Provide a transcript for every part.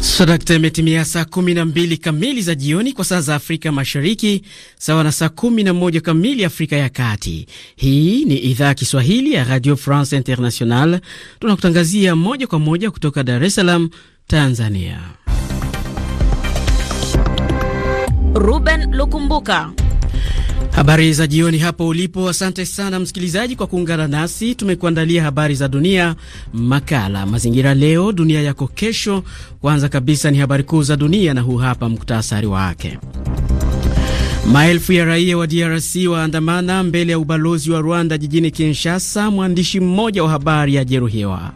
Sadakta, imetimia saa mbili kamili za jioni kwa saa za Afrika Mashariki, sawa na saa moja kamili Afrika ya Kati. Hii ni idhaa ya Kiswahili ya Radio France International, tunakutangazia moja kwa moja kutoka Dar es Salaam, Tanzania. Ruben Lukumbuka Habari za jioni hapo ulipo. Asante sana msikilizaji kwa kuungana nasi. Tumekuandalia habari za dunia, makala mazingira, leo dunia yako kesho. Kwanza kabisa ni habari kuu za dunia, na huu hapa muktasari wake. Maelfu ya raia wa DRC waandamana mbele ya ubalozi wa Rwanda jijini Kinshasa. Mwandishi mmoja wa habari ajeruhiwa.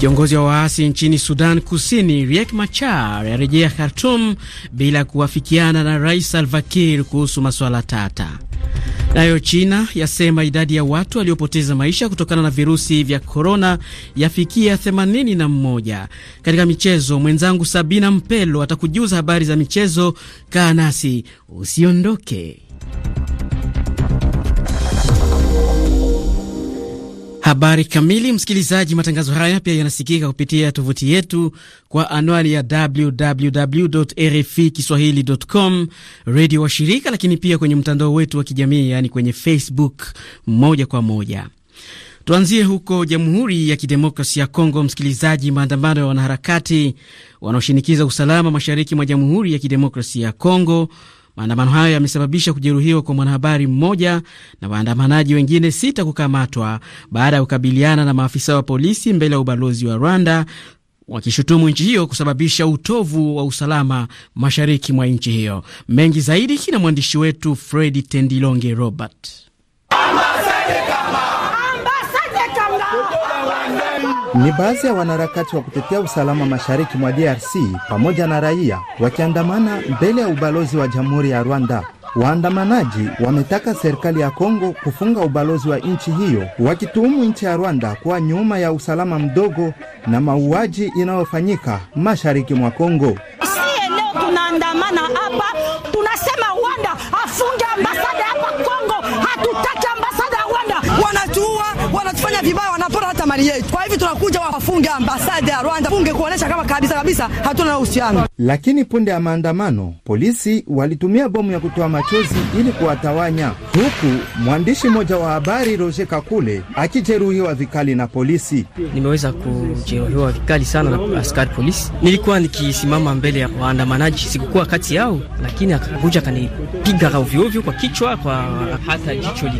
Kiongozi wa waasi nchini Sudan Kusini Riek Machar arejea Khartum bila kuafikiana na Rais Salva Kiir kuhusu masuala tata. Nayo China yasema idadi ya watu waliopoteza maisha kutokana na virusi vya korona yafikia 81. Katika michezo, mwenzangu Sabina Mpelo atakujuza habari za michezo. Kaa nasi usiondoke. Habari kamili, msikilizaji. Matangazo haya pia yanasikika kupitia tovuti yetu kwa anwani ya www RFI kiswahilicom, redio wa shirika, lakini pia kwenye mtandao wetu wa kijamii, yaani kwenye Facebook moja kwa moja. Tuanzie huko Jamhuri ya Kidemokrasi ya Kongo, msikilizaji. Maandamano ya wanaharakati wanaoshinikiza usalama mashariki mwa Jamhuri ya Kidemokrasi ya Kongo Maandamano hayo yamesababisha kujeruhiwa kwa mwanahabari mmoja na waandamanaji wengine sita kukamatwa baada ya kukabiliana na maafisa wa polisi mbele ya ubalozi wa Rwanda wakishutumu nchi hiyo kusababisha utovu wa usalama mashariki mwa nchi hiyo. Mengi zaidi na mwandishi wetu Fredi Tendilonge Robert. Ni baadhi ya wanaharakati wa kutetea usalama mashariki mwa DRC pamoja na raia wakiandamana mbele ya ubalozi wa Jamhuri ya Rwanda. Waandamanaji wametaka serikali ya Kongo kufunga ubalozi wa nchi hiyo, wakituhumu nchi ya Rwanda kuwa nyuma ya usalama mdogo na mauaji inayofanyika mashariki mwa Kongo. leo tunaandamana hapa, tunasema Rwanda afunge ambasada hapa Kongo, hatutaki wanafanya vibaya, wanapora hata mali yetu. Kwa hivyo tunakuja wafunge ambasada ya Rwanda, funge kuonesha kama kabisa kabisa hatuna uhusiano. Lakini punde ya maandamano, polisi walitumia bomu ya kutoa machozi ili kuwatawanya, huku mwandishi mmoja wa habari Roger Kakule akijeruhiwa vikali na polisi. Nimeweza kujeruhiwa vikali sana na askari polisi. Nilikuwa nikisimama mbele ya waandamanaji, sikukuwa kati yao, lakini akakuja akanipiga ovyo ovyo kwa kichwa, kwa hata jicho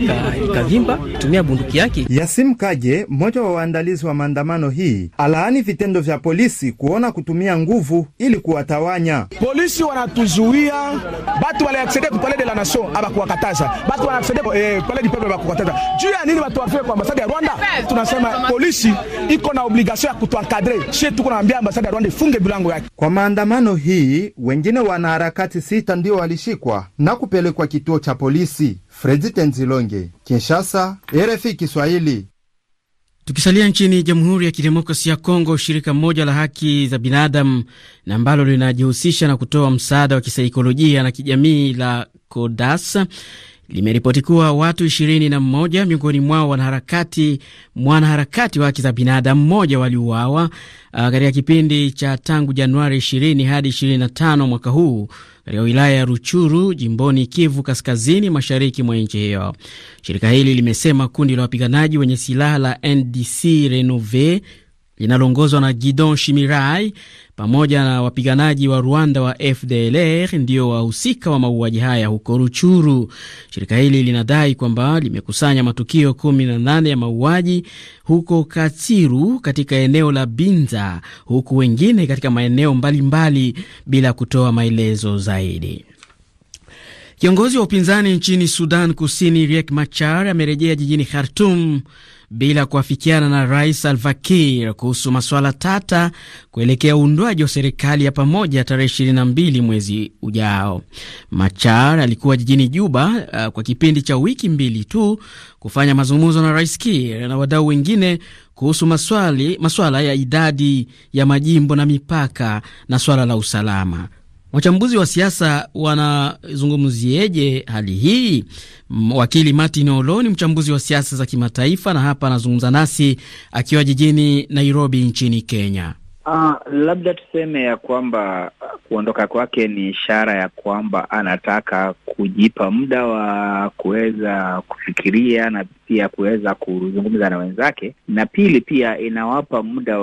likavimba, lika tumia bunduki yake Yasim Kaje, mmoja wa waandalizi wa maandamano hii, alaani vitendo vya polisi kuona kutumia nguvu ili kuwatawanya. Polisi wanatuzuia batu wale accede ku palais de la nation abakuwakataza batu wana eh, palais du peuple bakukataza juu ya nini? Watu wafike kwa ambasada ya Rwanda, tunasema polisi iko na obligation ya kutuankadre shie, tuko naambia ambasada ya Rwanda ifunge bilango yake. Kwa maandamano hii wengine wanaharakati sita ndio walishikwa na kupelekwa kituo cha polisi. Fredi Tenzilonge, Kinshasa, RFI Kiswahili. Tukisalia nchini Jamhuri ya Kidemokrasia ya Kongo, shirika moja la haki za binadamu na ambalo linajihusisha na kutoa msaada wa kisaikolojia na kijamii la CODAS limeripoti kuwa watu 21 miongoni mwao wanaharakati mwanaharakati wa haki za binadamu mmoja waliuawa uh, katika kipindi cha tangu Januari 20 hadi 25 mwaka huu katika wilaya ya Ruchuru jimboni Kivu kaskazini mashariki mwa nchi hiyo. Shirika hili limesema kundi la wapiganaji wenye silaha la NDC Renove linaloongozwa na Gidon Shimirai pamoja na wapiganaji wa Rwanda wa FDLR ndio wahusika wa, wa mauaji haya huko Ruchuru. Shirika hili linadai kwamba limekusanya matukio 18 ya mauaji huko Katsiru katika eneo la Binza, huku wengine katika maeneo mbalimbali mbali, bila kutoa maelezo zaidi. Kiongozi wa upinzani nchini Sudan Kusini Riek Machar amerejea jijini Khartum bila kuafikiana na Rais Salva Kiir kuhusu masuala tata kuelekea uundwaji wa serikali ya pamoja tarehe 22 mwezi ujao. Machar alikuwa jijini Juba uh, kwa kipindi cha wiki mbili tu kufanya mazungumzo na Rais Kiir na wadau wengine kuhusu maswali, maswala ya idadi ya majimbo na mipaka na swala la usalama. Wachambuzi wa siasa wanazungumzieje hali hii? Wakili Martin Olo ni mchambuzi wa siasa za kimataifa na hapa anazungumza nasi akiwa jijini Nairobi nchini Kenya. Ah, labda tuseme ya kwamba ah, kuondoka kwake ni ishara ya kwamba anataka kujipa muda wa kuweza kufikiria na pia kuweza kuzungumza na wenzake, na pili pia inawapa muda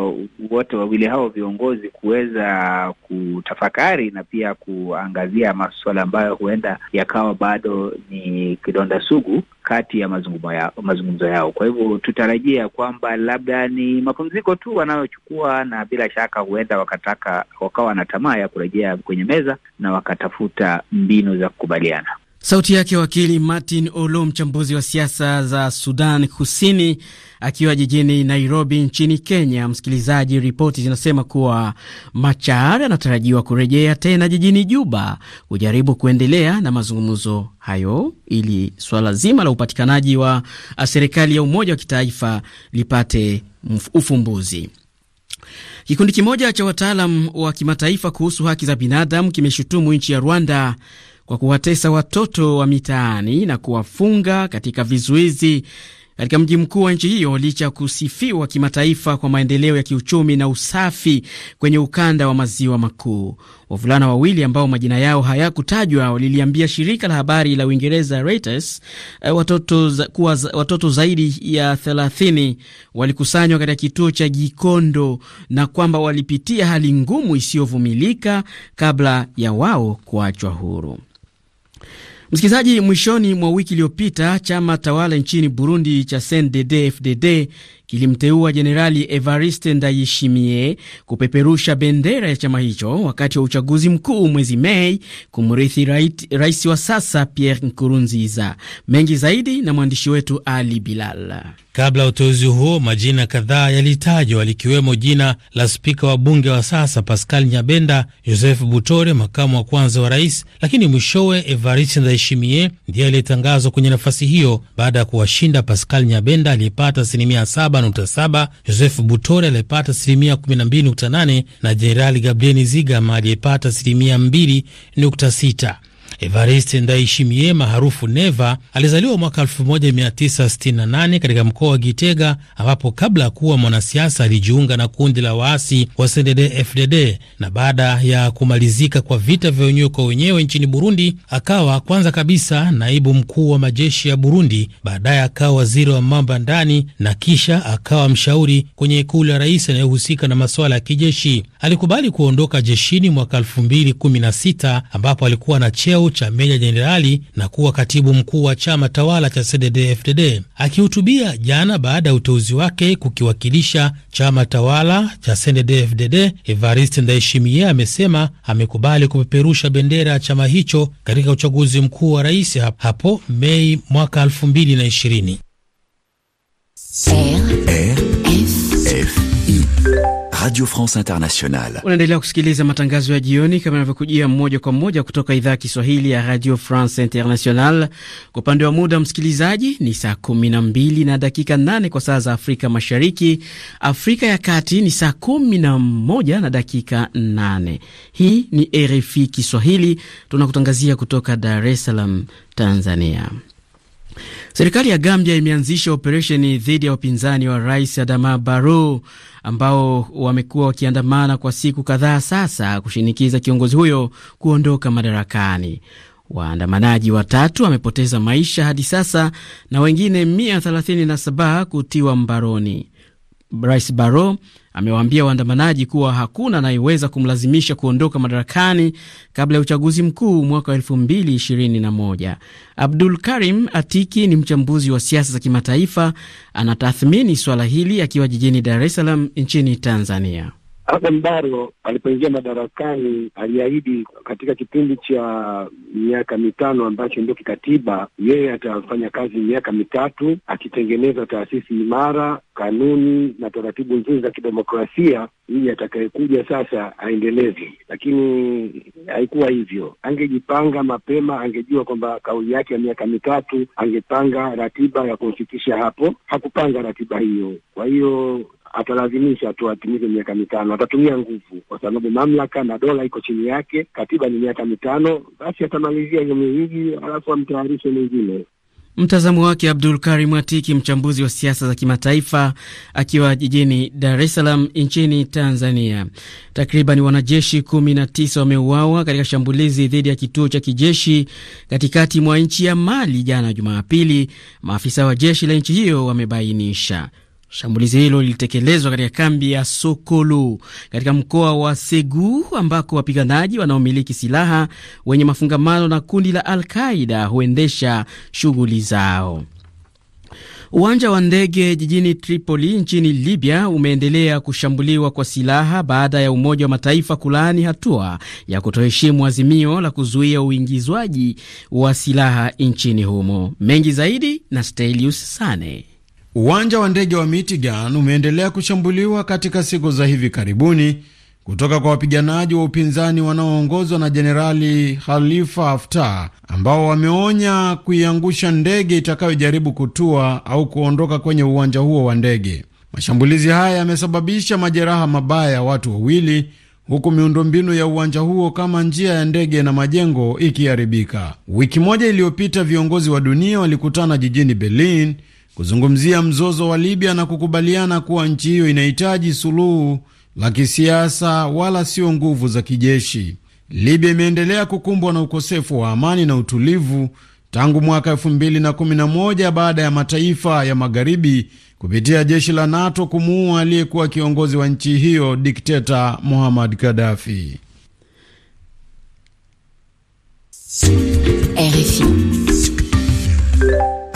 wote wawili hao viongozi kuweza kutafakari na pia kuangazia masuala ambayo huenda yakawa bado ni kidonda sugu kati ya mazungumzo mazungumzo yao. Kwa hivyo tutarajia kwamba labda ni mapumziko tu wanayochukua, na bila shaka huenda wakataka wakawa na tamaa ya kurejea kwenye meza na wakatafuta mbinu za kukubaliana. Sauti yake wakili Martin Olo, mchambuzi wa siasa za Sudan Kusini, akiwa jijini Nairobi nchini Kenya. Msikilizaji, ripoti zinasema kuwa Machar anatarajiwa kurejea tena jijini Juba kujaribu kuendelea na mazungumzo hayo ili swala zima la upatikanaji wa serikali ya umoja wa kitaifa lipate ufumbuzi. Kikundi kimoja cha wataalam wa kimataifa kuhusu haki za binadamu kimeshutumu nchi ya Rwanda kwa kuwatesa watoto wa mitaani na kuwafunga katika vizuizi katika mji mkuu wa nchi hiyo licha ya kusifiwa kimataifa kwa maendeleo ya kiuchumi na usafi kwenye ukanda wa maziwa makuu. Wavulana wawili ambao majina yao hayakutajwa waliliambia shirika la habari la Uingereza Reuters eh, watoto, za, kuwa, watoto zaidi ya 30 walikusanywa katika kituo cha Gikondo na kwamba walipitia hali ngumu isiyovumilika kabla ya wao kuachwa huru. Msikilizaji, mwishoni mwa wiki iliyopita chama tawala nchini Burundi cha CNDD-FDD kilimteua Jenerali Evariste Ndayishimiye kupeperusha bendera ya chama hicho wakati wa uchaguzi mkuu mwezi Mei kumrithi rais wa sasa Pierre Nkurunziza. Mengi zaidi na mwandishi wetu Ali Bilal. Kabla ya uteuzi huo, majina kadhaa yalitajwa likiwemo jina la spika wa bunge wa sasa Pascal Nyabenda, Joseph Butore makamu wa kwanza wa rais, lakini mwishowe Evariste Ndayishimiye ndiye aliyetangazwa kwenye nafasi hiyo baada ya kuwashinda Pascal Nyabenda aliyepata asilimia saba 7.7, Joseph Butore aliyepata asilimia 12.8 na Jenerali Gabriel zigama aliyepata asilimia 2.6. Evariste Ndayishimiye maarufu Neva alizaliwa mwaka 1968 katika mkoa wa Gitega, ambapo kabla ya kuwa mwanasiasa alijiunga na kundi la waasi wa CNDD-FDD na baada ya kumalizika kwa vita vya wenyewe kwa wenyewe nchini Burundi akawa kwanza kabisa naibu mkuu wa majeshi ya Burundi, baadaye akawa waziri wa mambo ya ndani na kisha akawa mshauri kwenye ikulu ya rais anayehusika na masuala ya kijeshi. Alikubali kuondoka jeshini mwaka 2016 ambapo alikuwa na cheo cha meja jenerali na kuwa katibu mkuu wa chama tawala cha cddfdd fdd Akihutubia jana baada ya uteuzi wake kukiwakilisha chama tawala cha CNDD-FDD, Evariste Ndayishimiye amesema amekubali kupeperusha bendera ya chama hicho katika uchaguzi mkuu wa rais hapo Mei mwaka 2020. Radio France Internationale. Unaendelea kusikiliza matangazo ya jioni kama inavyokujia moja kwa moja kutoka idhaa ya Kiswahili ya Radio France international Kwa upande wa muda, msikilizaji, ni saa kumi na mbili na dakika nane kwa saa za Afrika Mashariki. Afrika ya Kati ni saa kumi na moja na dakika nane Hii ni RFI Kiswahili, tunakutangazia kutoka Dar es Salaam, Tanzania. Serikali ya Gambia imeanzisha operesheni dhidi ya wapinzani wa rais Adama Barrow ambao wamekuwa wakiandamana kwa siku kadhaa sasa kushinikiza kiongozi huyo kuondoka madarakani. Waandamanaji watatu wamepoteza maisha hadi sasa na wengine 137 kutiwa mbaroni. Rais Barrow amewaambia waandamanaji kuwa hakuna anayeweza kumlazimisha kuondoka madarakani kabla ya uchaguzi mkuu mwaka 221 2021. Abdul Karim Atiki ni mchambuzi wa siasa za kimataifa, anatathmini swala hili akiwa jijini Dar es Salaam nchini Tanzania. Adhan Barrow alipoingia madarakani aliahidi katika kipindi cha miaka mitano ambacho ndio kikatiba, yeye atafanya kazi miaka mitatu akitengeneza taasisi imara, kanuni na taratibu nzuri za kidemokrasia ili atakayekuja sasa aendeleze. Lakini haikuwa hivyo. Angejipanga mapema, angejua kwamba kauli yake ya miaka mitatu, angepanga ratiba ya kumfikisha hapo. Hakupanga ratiba hiyo, kwa hiyo atalazimisha tu atimize miaka mitano, atatumia nguvu, kwa sababu mamlaka na dola iko chini yake. Katiba ni miaka mitano, basi atamalizia hiyo miwili, alafu amtayarishe mwingine Mtazamo wake Abdul Karim Atiki, mchambuzi wa siasa za kimataifa, akiwa jijini Dar es Salaam nchini Tanzania. Takriban wanajeshi 19 wameuawa katika shambulizi dhidi ya kituo cha kijeshi katikati mwa nchi ya Mali jana Jumapili, maafisa wa jeshi la nchi hiyo wamebainisha. Shambulizi hilo lilitekelezwa katika kambi ya Sokolo katika mkoa wa Segu ambako wapiganaji wanaomiliki silaha wenye mafungamano na kundi la Al-Qaida huendesha shughuli zao. Uwanja wa ndege jijini Tripoli nchini Libya umeendelea kushambuliwa kwa silaha baada ya Umoja wa Mataifa kulaani hatua ya kutoheshimu azimio la kuzuia uingizwaji wa silaha nchini humo. Mengi zaidi na Stelius Sane. Uwanja wa ndege wa Michigan umeendelea kushambuliwa katika siku za hivi karibuni kutoka kwa wapiganaji wa upinzani wanaoongozwa na Jenerali Khalifa Haftar ambao wameonya kuiangusha ndege itakayojaribu kutua au kuondoka kwenye uwanja huo wa ndege. Mashambulizi haya yamesababisha majeraha mabaya ya watu wawili huku miundombinu ya uwanja huo kama njia ya ndege na majengo ikiharibika. Wiki moja iliyopita, viongozi wa dunia walikutana jijini Berlin kuzungumzia mzozo wa Libya na kukubaliana kuwa nchi hiyo inahitaji suluhu la kisiasa wala sio nguvu za kijeshi. Libya imeendelea kukumbwa na ukosefu wa amani na utulivu tangu mwaka 2011 baada ya mataifa ya magharibi kupitia jeshi la NATO kumuua aliyekuwa kiongozi wa nchi hiyo dikteta Muhammad Gaddafi. RFI.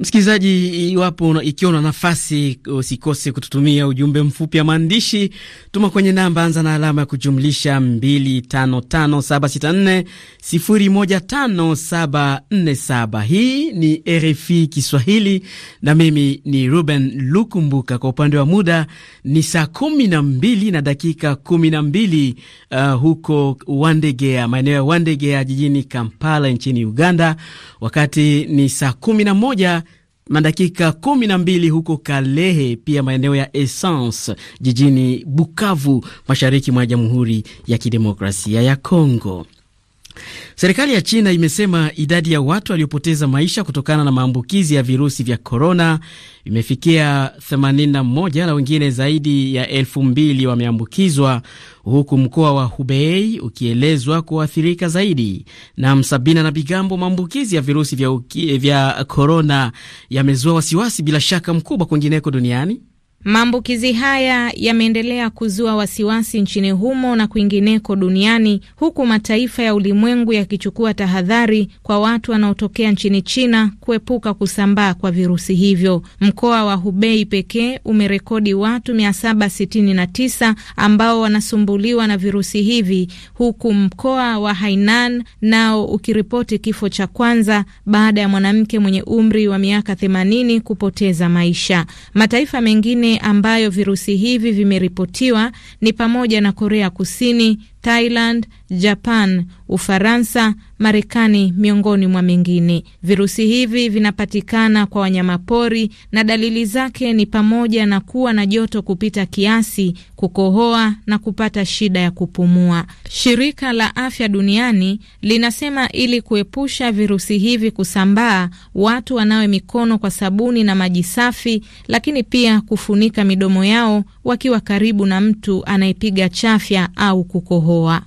Msikilizaji, iwapo ikiwa una nafasi, usikose kututumia ujumbe mfupi wa maandishi. Tuma kwenye namba, anza na alama ya kujumlisha 255764015747. Hii ni RFI Kiswahili na mimi ni Ruben Lukumbuka. Kwa upande wa muda ni saa kumi na mbili na dakika kumi na mbili uh, huko Wandegea, maeneo ya Wandegea jijini Kampala nchini Uganda, wakati ni saa kumi na moja na dakika kumi na mbili huko Kalehe, pia maeneo ya Essence jijini Bukavu, mashariki mwa Jamhuri ya Kidemokrasia ya Kongo. Serikali ya China imesema idadi ya watu waliopoteza maisha kutokana na maambukizi ya virusi vya korona imefikia 81 na wengine zaidi ya elfu mbili wameambukizwa huku mkoa wa Hubei ukielezwa kuathirika zaidi. na Msabina na Bigambo, maambukizi ya virusi vya korona yamezua wasiwasi bila shaka mkubwa kwingineko duniani. Maambukizi haya yameendelea kuzua wasiwasi nchini humo na kwingineko duniani huku mataifa ya ulimwengu yakichukua tahadhari kwa watu wanaotokea nchini China kuepuka kusambaa kwa virusi hivyo. Mkoa wa Hubei pekee umerekodi watu 769 ambao wanasumbuliwa na virusi hivi huku mkoa wa Hainan nao ukiripoti kifo cha kwanza baada ya mwanamke mwenye umri wa miaka 80 kupoteza maisha. Mataifa mengine ambayo virusi hivi vimeripotiwa ni pamoja na Korea Kusini, Thailand, Japan, Ufaransa, Marekani, miongoni mwa mengine. Virusi hivi vinapatikana kwa wanyamapori na dalili zake ni pamoja na kuwa na joto kupita kiasi, kukohoa na kupata shida ya kupumua. Shirika la Afya Duniani linasema ili kuepusha virusi hivi kusambaa, watu wanawe mikono kwa sabuni na maji safi, lakini pia kufunika midomo yao wakiwa karibu na mtu anayepiga chafya au kukohoa barakoa.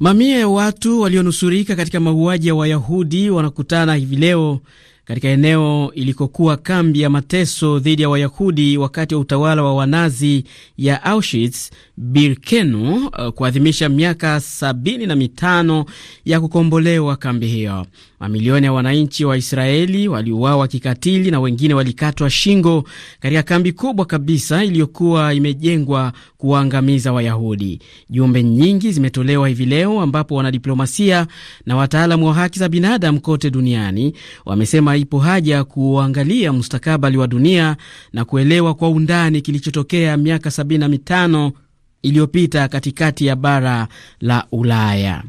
Mamia ya watu walionusurika katika mauaji ya Wayahudi wanakutana hivi leo katika eneo ilikokuwa kambi ya mateso dhidi ya Wayahudi wakati wa utawala wa Wanazi ya Auschwitz Birkenu eh, kuadhimisha miaka 75 ya kukombolewa kambi hiyo. Mamilioni ya wananchi wa Israeli waliuawa kikatili na wengine walikatwa shingo katika kambi kubwa kabisa iliyokuwa imejengwa kuwaangamiza Wayahudi. Jumbe nyingi zimetolewa hivi leo, ambapo wanadiplomasia na wataalamu wa haki za binadamu kote duniani wamesema ipo haja kuangalia mustakabali wa dunia na kuelewa kwa undani kilichotokea miaka 75 iliyopita katikati ya bara la Ulaya.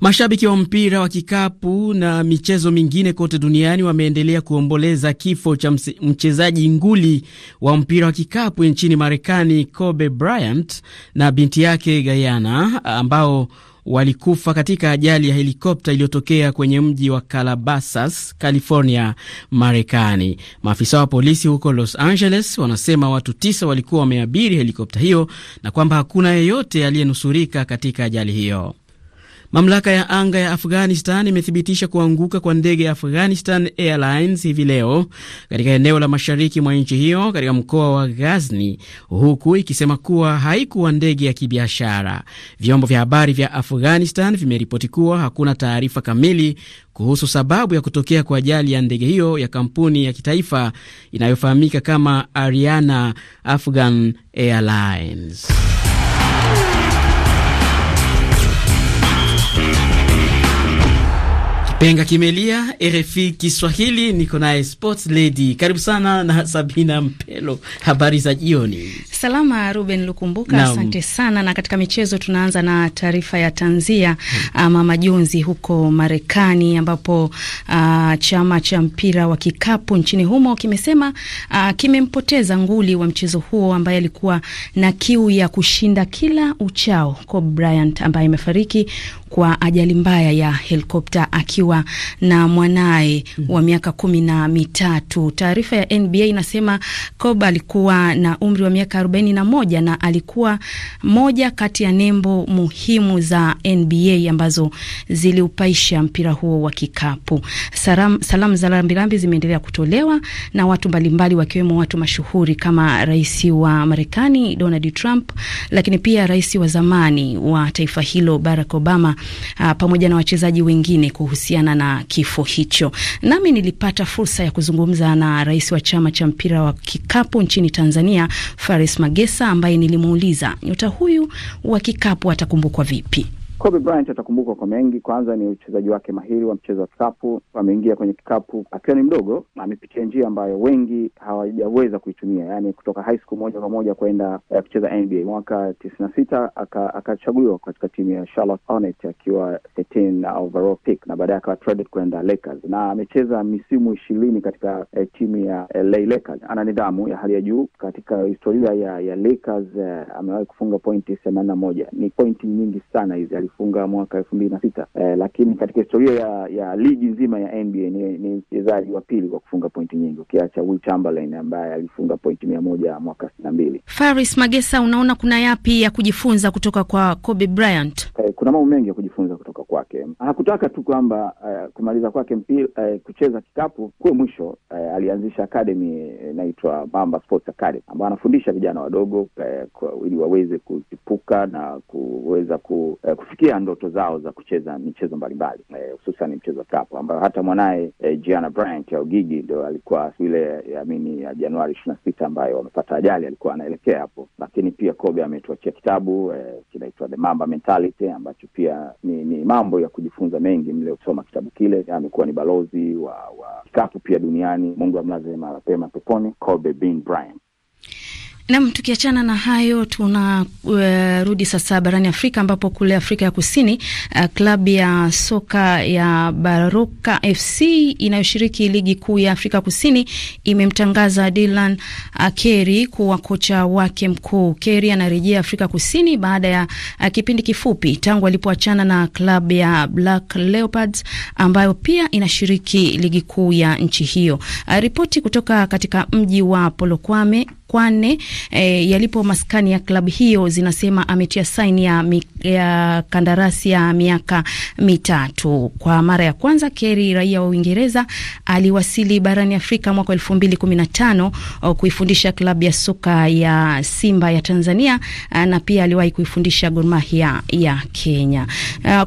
Mashabiki wa mpira wa kikapu na michezo mingine kote duniani wameendelea kuomboleza kifo cha mchezaji nguli wa mpira wa kikapu nchini Marekani, Kobe Bryant na binti yake Gayana ambao walikufa katika ajali ya helikopta iliyotokea kwenye mji wa Calabasas, California, Marekani. Maafisa wa polisi huko Los Angeles wanasema watu tisa walikuwa wameabiri helikopta hiyo na kwamba hakuna yeyote aliyenusurika katika ajali hiyo. Mamlaka ya anga ya Afghanistan imethibitisha kuanguka kwa ndege ya Afghanistan Airlines hivi leo katika eneo la mashariki mwa nchi hiyo katika mkoa wa Ghazni, huku ikisema kuwa haikuwa ndege ya kibiashara. Vyombo vya habari vya Afghanistan vimeripoti kuwa hakuna taarifa kamili kuhusu sababu ya kutokea kwa ajali ya ndege hiyo ya kampuni ya kitaifa inayofahamika kama Ariana Afghan Airlines. penga Kimelia, RFI Kiswahili, niko naye Sports Lady. Karibu sana na Sabina Mpelo. Habari za jioni. Salama Ruben Lukumbuka, asante sana. Na katika michezo tunaanza na taarifa ya tanzia ama ah, majonzi huko Marekani ambapo uh, chama cha mpira wa kikapu nchini humo kimesema uh, kimempoteza nguli wa mchezo huo ambaye alikuwa na kiu ya kushinda kila uchao Kobe Bryant ambaye amefariki kwa ajali mbaya ya helikopta akiwa na mwanaye mm. wa miaka kumi na mitatu. Taarifa ya NBA inasema Kobe alikuwa na umri wa miaka arobaini na moja na alikuwa moja kati ya nembo muhimu za NBA ambazo ziliupaisha mpira huo wa kikapu. Salam, salamu za rambirambi zimeendelea kutolewa na watu mbalimbali wakiwemo watu mashuhuri kama rais wa Marekani Donald Trump, lakini pia rais wa zamani wa taifa hilo Barack Obama uh, pamoja na wachezaji wengine kuhusiana na kifo hicho. Nami nilipata fursa ya kuzungumza na rais wa chama cha mpira wa kikapu nchini Tanzania, Fares Magesa, ambaye nilimuuliza nyota huyu wa kikapu atakumbukwa vipi? Kobe Bryant atakumbukwa kwa mengi. Kwanza ni uchezaji wake mahiri wa mchezo wa kikapu. Ameingia kwenye kikapu akiwa ni mdogo, amepitia njia ambayo wengi hawajaweza kuitumia, yaani kutoka high school moja kwa moja kwenda uh, kucheza NBA. Mwaka tisini na sita akachaguliwa aka katika timu ya Charlotte Hornets akiwa 13 overall pick, na baadaye akawa traded kwenda Lakers na amecheza misimu ishirini katika uh, timu ya eh, LA Lakers. Ana nidhamu ya hali ya juu. Katika historia ya, ya Lakers uh, amewahi kufunga pointi themanini na moja. Ni pointi nyingi sana hizi alifunga mwaka elfu mbili na sita eh, lakini katika historia ya ya ligi nzima ya NBA ni, ni mchezaji wa pili kwa kufunga pointi nyingi ukiacha Will Chamberlain ambaye alifunga pointi mia moja mwaka sitini na mbili. Faris Magesa, unaona kuna yapi ya kujifunza kutoka kwa Kobe Bryant? Eh, kuna mambo mengi ya kujifunza kutoka kwake. Hakutaka tu kwamba eh, kumaliza kwake mpira eh, kucheza kikapu kuwe mwisho. Eh, alianzisha academy eh, inaitwa eh, Mamba Sports Academy ambayo anafundisha vijana wadogo eh, ili waweze kuchipuka na kuweza ku, eh, kufikia ndoto zao za kucheza michezo mbalimbali eh, hususan e, mchezo wa kikapu ambayo hata mwanaye e, Gianna Bryant au Gigi ndo alikuwa ile amini ya Januari ishirini na sita ambayo wamepata ajali alikuwa anaelekea hapo, lakini pia Kobe ametuachia kitabu e, kinaitwa The Mamba Mentality ambacho pia ni, ni mambo ya kujifunza mengi mle usoma kitabu kile. Amekuwa ni balozi wa, wa kikapu pia duniani. Mungu amlaze mahali pema peponi Kobe Bean Bryant. Nam, tukiachana na hayo tunarudi eh, uh, sasa barani Afrika ambapo kule Afrika ya Kusini uh, klabu ya soka ya Baroka FC inayoshiriki ligi kuu ya Afrika Kusini imemtangaza Dylan uh, Kerry kuwa kocha wake mkuu. Kerry anarejea Afrika Kusini baada ya uh, kipindi kifupi tangu alipoachana na klabu ya Black Leopards ambayo pia inashiriki ligi kuu ya nchi hiyo. Uh, ripoti kutoka katika mji wa Polokwane Kwane e, yalipo maskani ya klabu hiyo zinasema ametia saini ya, ya kandarasi ya miaka mitatu. Kwa mara ya kwanza Kerry, raia wa Uingereza, aliwasili barani Afrika mwaka elfu mbili kumi na tano kuifundisha klabu ya soka ya Simba ya Tanzania na pia aliwahi kuifundisha Gor Mahia ya Kenya.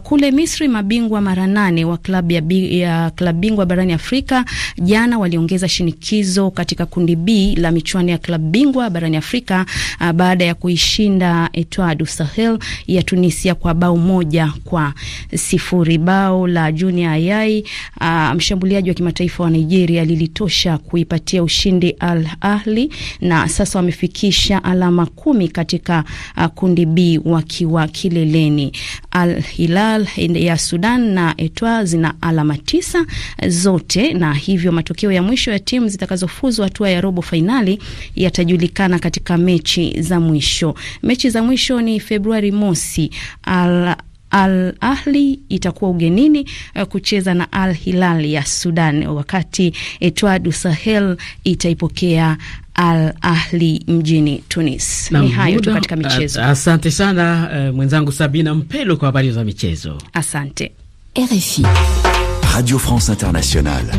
Kule Misri, mabingwa mara nane wa klabu ya, ya klabu bingwa barani Afrika jana waliongeza shinikizo katika kundi B la michuano ya klabu bingwa barani Afrika uh, baada ya kuishinda Etoile du Sahel ya Tunisia kwa bao moja kwa sifuri. Bao la Junior Ayai uh, mshambuliaji wa kimataifa wa Nigeria lilitosha kuipatia ushindi Al Ahli na sasa wamefikisha alama kumi katika uh, kundi B wakiwa kileleni. Al Hilal ya Sudan na Etoile zina alama tisa zote, na hivyo matokeo ya mwisho ya timu zitakazofuzu hatua ya robo fainali yatajulikana katika mechi za mwisho. Mechi za mwisho ni Februari mosi al Al Ahli itakuwa ugenini uh, kucheza na Al Hilal ya Sudan, wakati Etoile du Sahel itaipokea Al Ahli mjini Tunis. Ni hayo tu katika michezo. Asante sana uh, mwenzangu Sabina Mpelo kwa habari za michezo. Asante. RFI Radio France Internationale.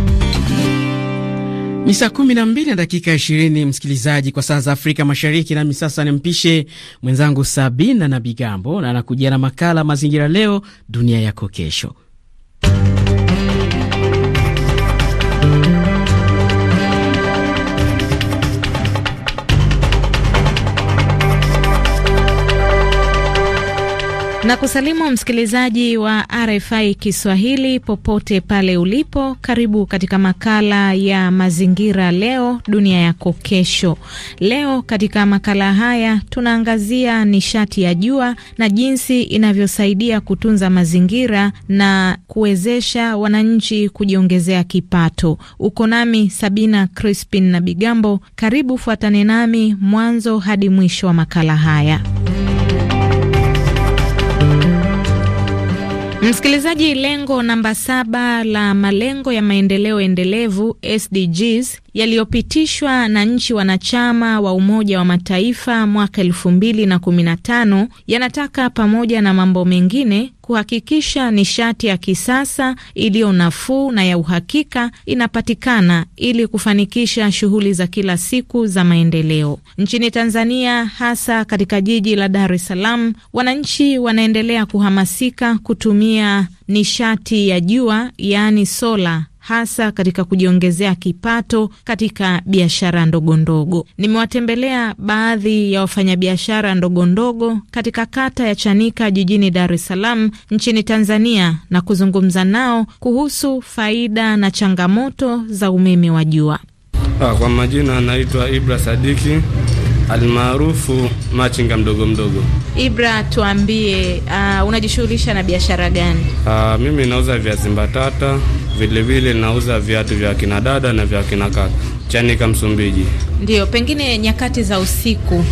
Ni saa kumi na mbili na dakika ishirini msikilizaji, kwa saa za Afrika Mashariki. Nami sasa nimpishe mwenzangu Sabina na Bigambo na anakujia na makala Mazingira Leo, Dunia Yako Kesho. na kusalimu msikilizaji wa RFI Kiswahili popote pale ulipo. Karibu katika makala ya mazingira leo dunia yako kesho. Leo katika makala haya tunaangazia nishati ya jua na jinsi inavyosaidia kutunza mazingira na kuwezesha wananchi kujiongezea kipato. Uko nami Sabina Crispin na Bigambo, karibu fuatane nami mwanzo hadi mwisho wa makala haya. Msikilizaji, lengo namba saba la malengo ya maendeleo endelevu SDGs yaliyopitishwa na nchi wanachama wa Umoja wa Mataifa mwaka tano yanataka pamoja na mambo mengine kuhakikisha nishati ya kisasa iliyo nafuu na ya uhakika inapatikana ili kufanikisha shughuli za kila siku za maendeleo. Nchini Tanzania, hasa katika jiji la Dar es Salaam, wananchi wanaendelea kuhamasika kutumia nishati ya jua, yaani sola hasa katika kujiongezea kipato katika biashara ndogondogo. Nimewatembelea baadhi ya wafanyabiashara ndogondogo katika kata ya Chanika jijini Dar es Salaam nchini Tanzania na kuzungumza nao kuhusu faida na changamoto za umeme wa jua. Ah, kwa majina anaitwa Ibra Sadiki almaarufu machinga mdogo mdogo. Ibra, tuambie, uh, unajishughulisha na biashara gani? Uh, mimi nauza viazi mbatata, vilevile nauza viatu vya kina dada na vya kina kaka Chanika, Msumbiji. Ndio, pengine nyakati za usiku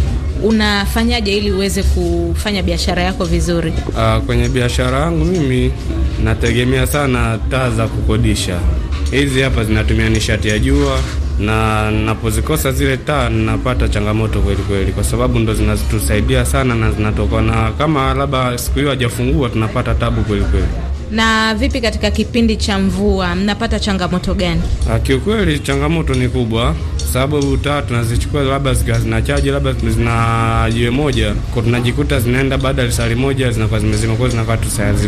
unafanyaje ili uweze kufanya biashara yako vizuri? Uh, kwenye biashara yangu mimi nategemea sana taa za kukodisha. Hizi hapa zinatumia nishati ya jua na napozikosa zile taa napata changamoto kweli kweli, kwa sababu ndo zinatusaidia sana na zinatokana, kama labda siku hiyo hajafungua tunapata tabu kweli kweli. Na vipi katika kipindi cha mvua mnapata changamoto gani? Ah, kiukweli changamoto ni kubwa, sababu taa tunazichukua labda zikiwa zina chaji labda zina jiwe moja, kwa tunajikuta zinaenda baada ya saa moja zinakuwa zimezima, kwa zinakuwa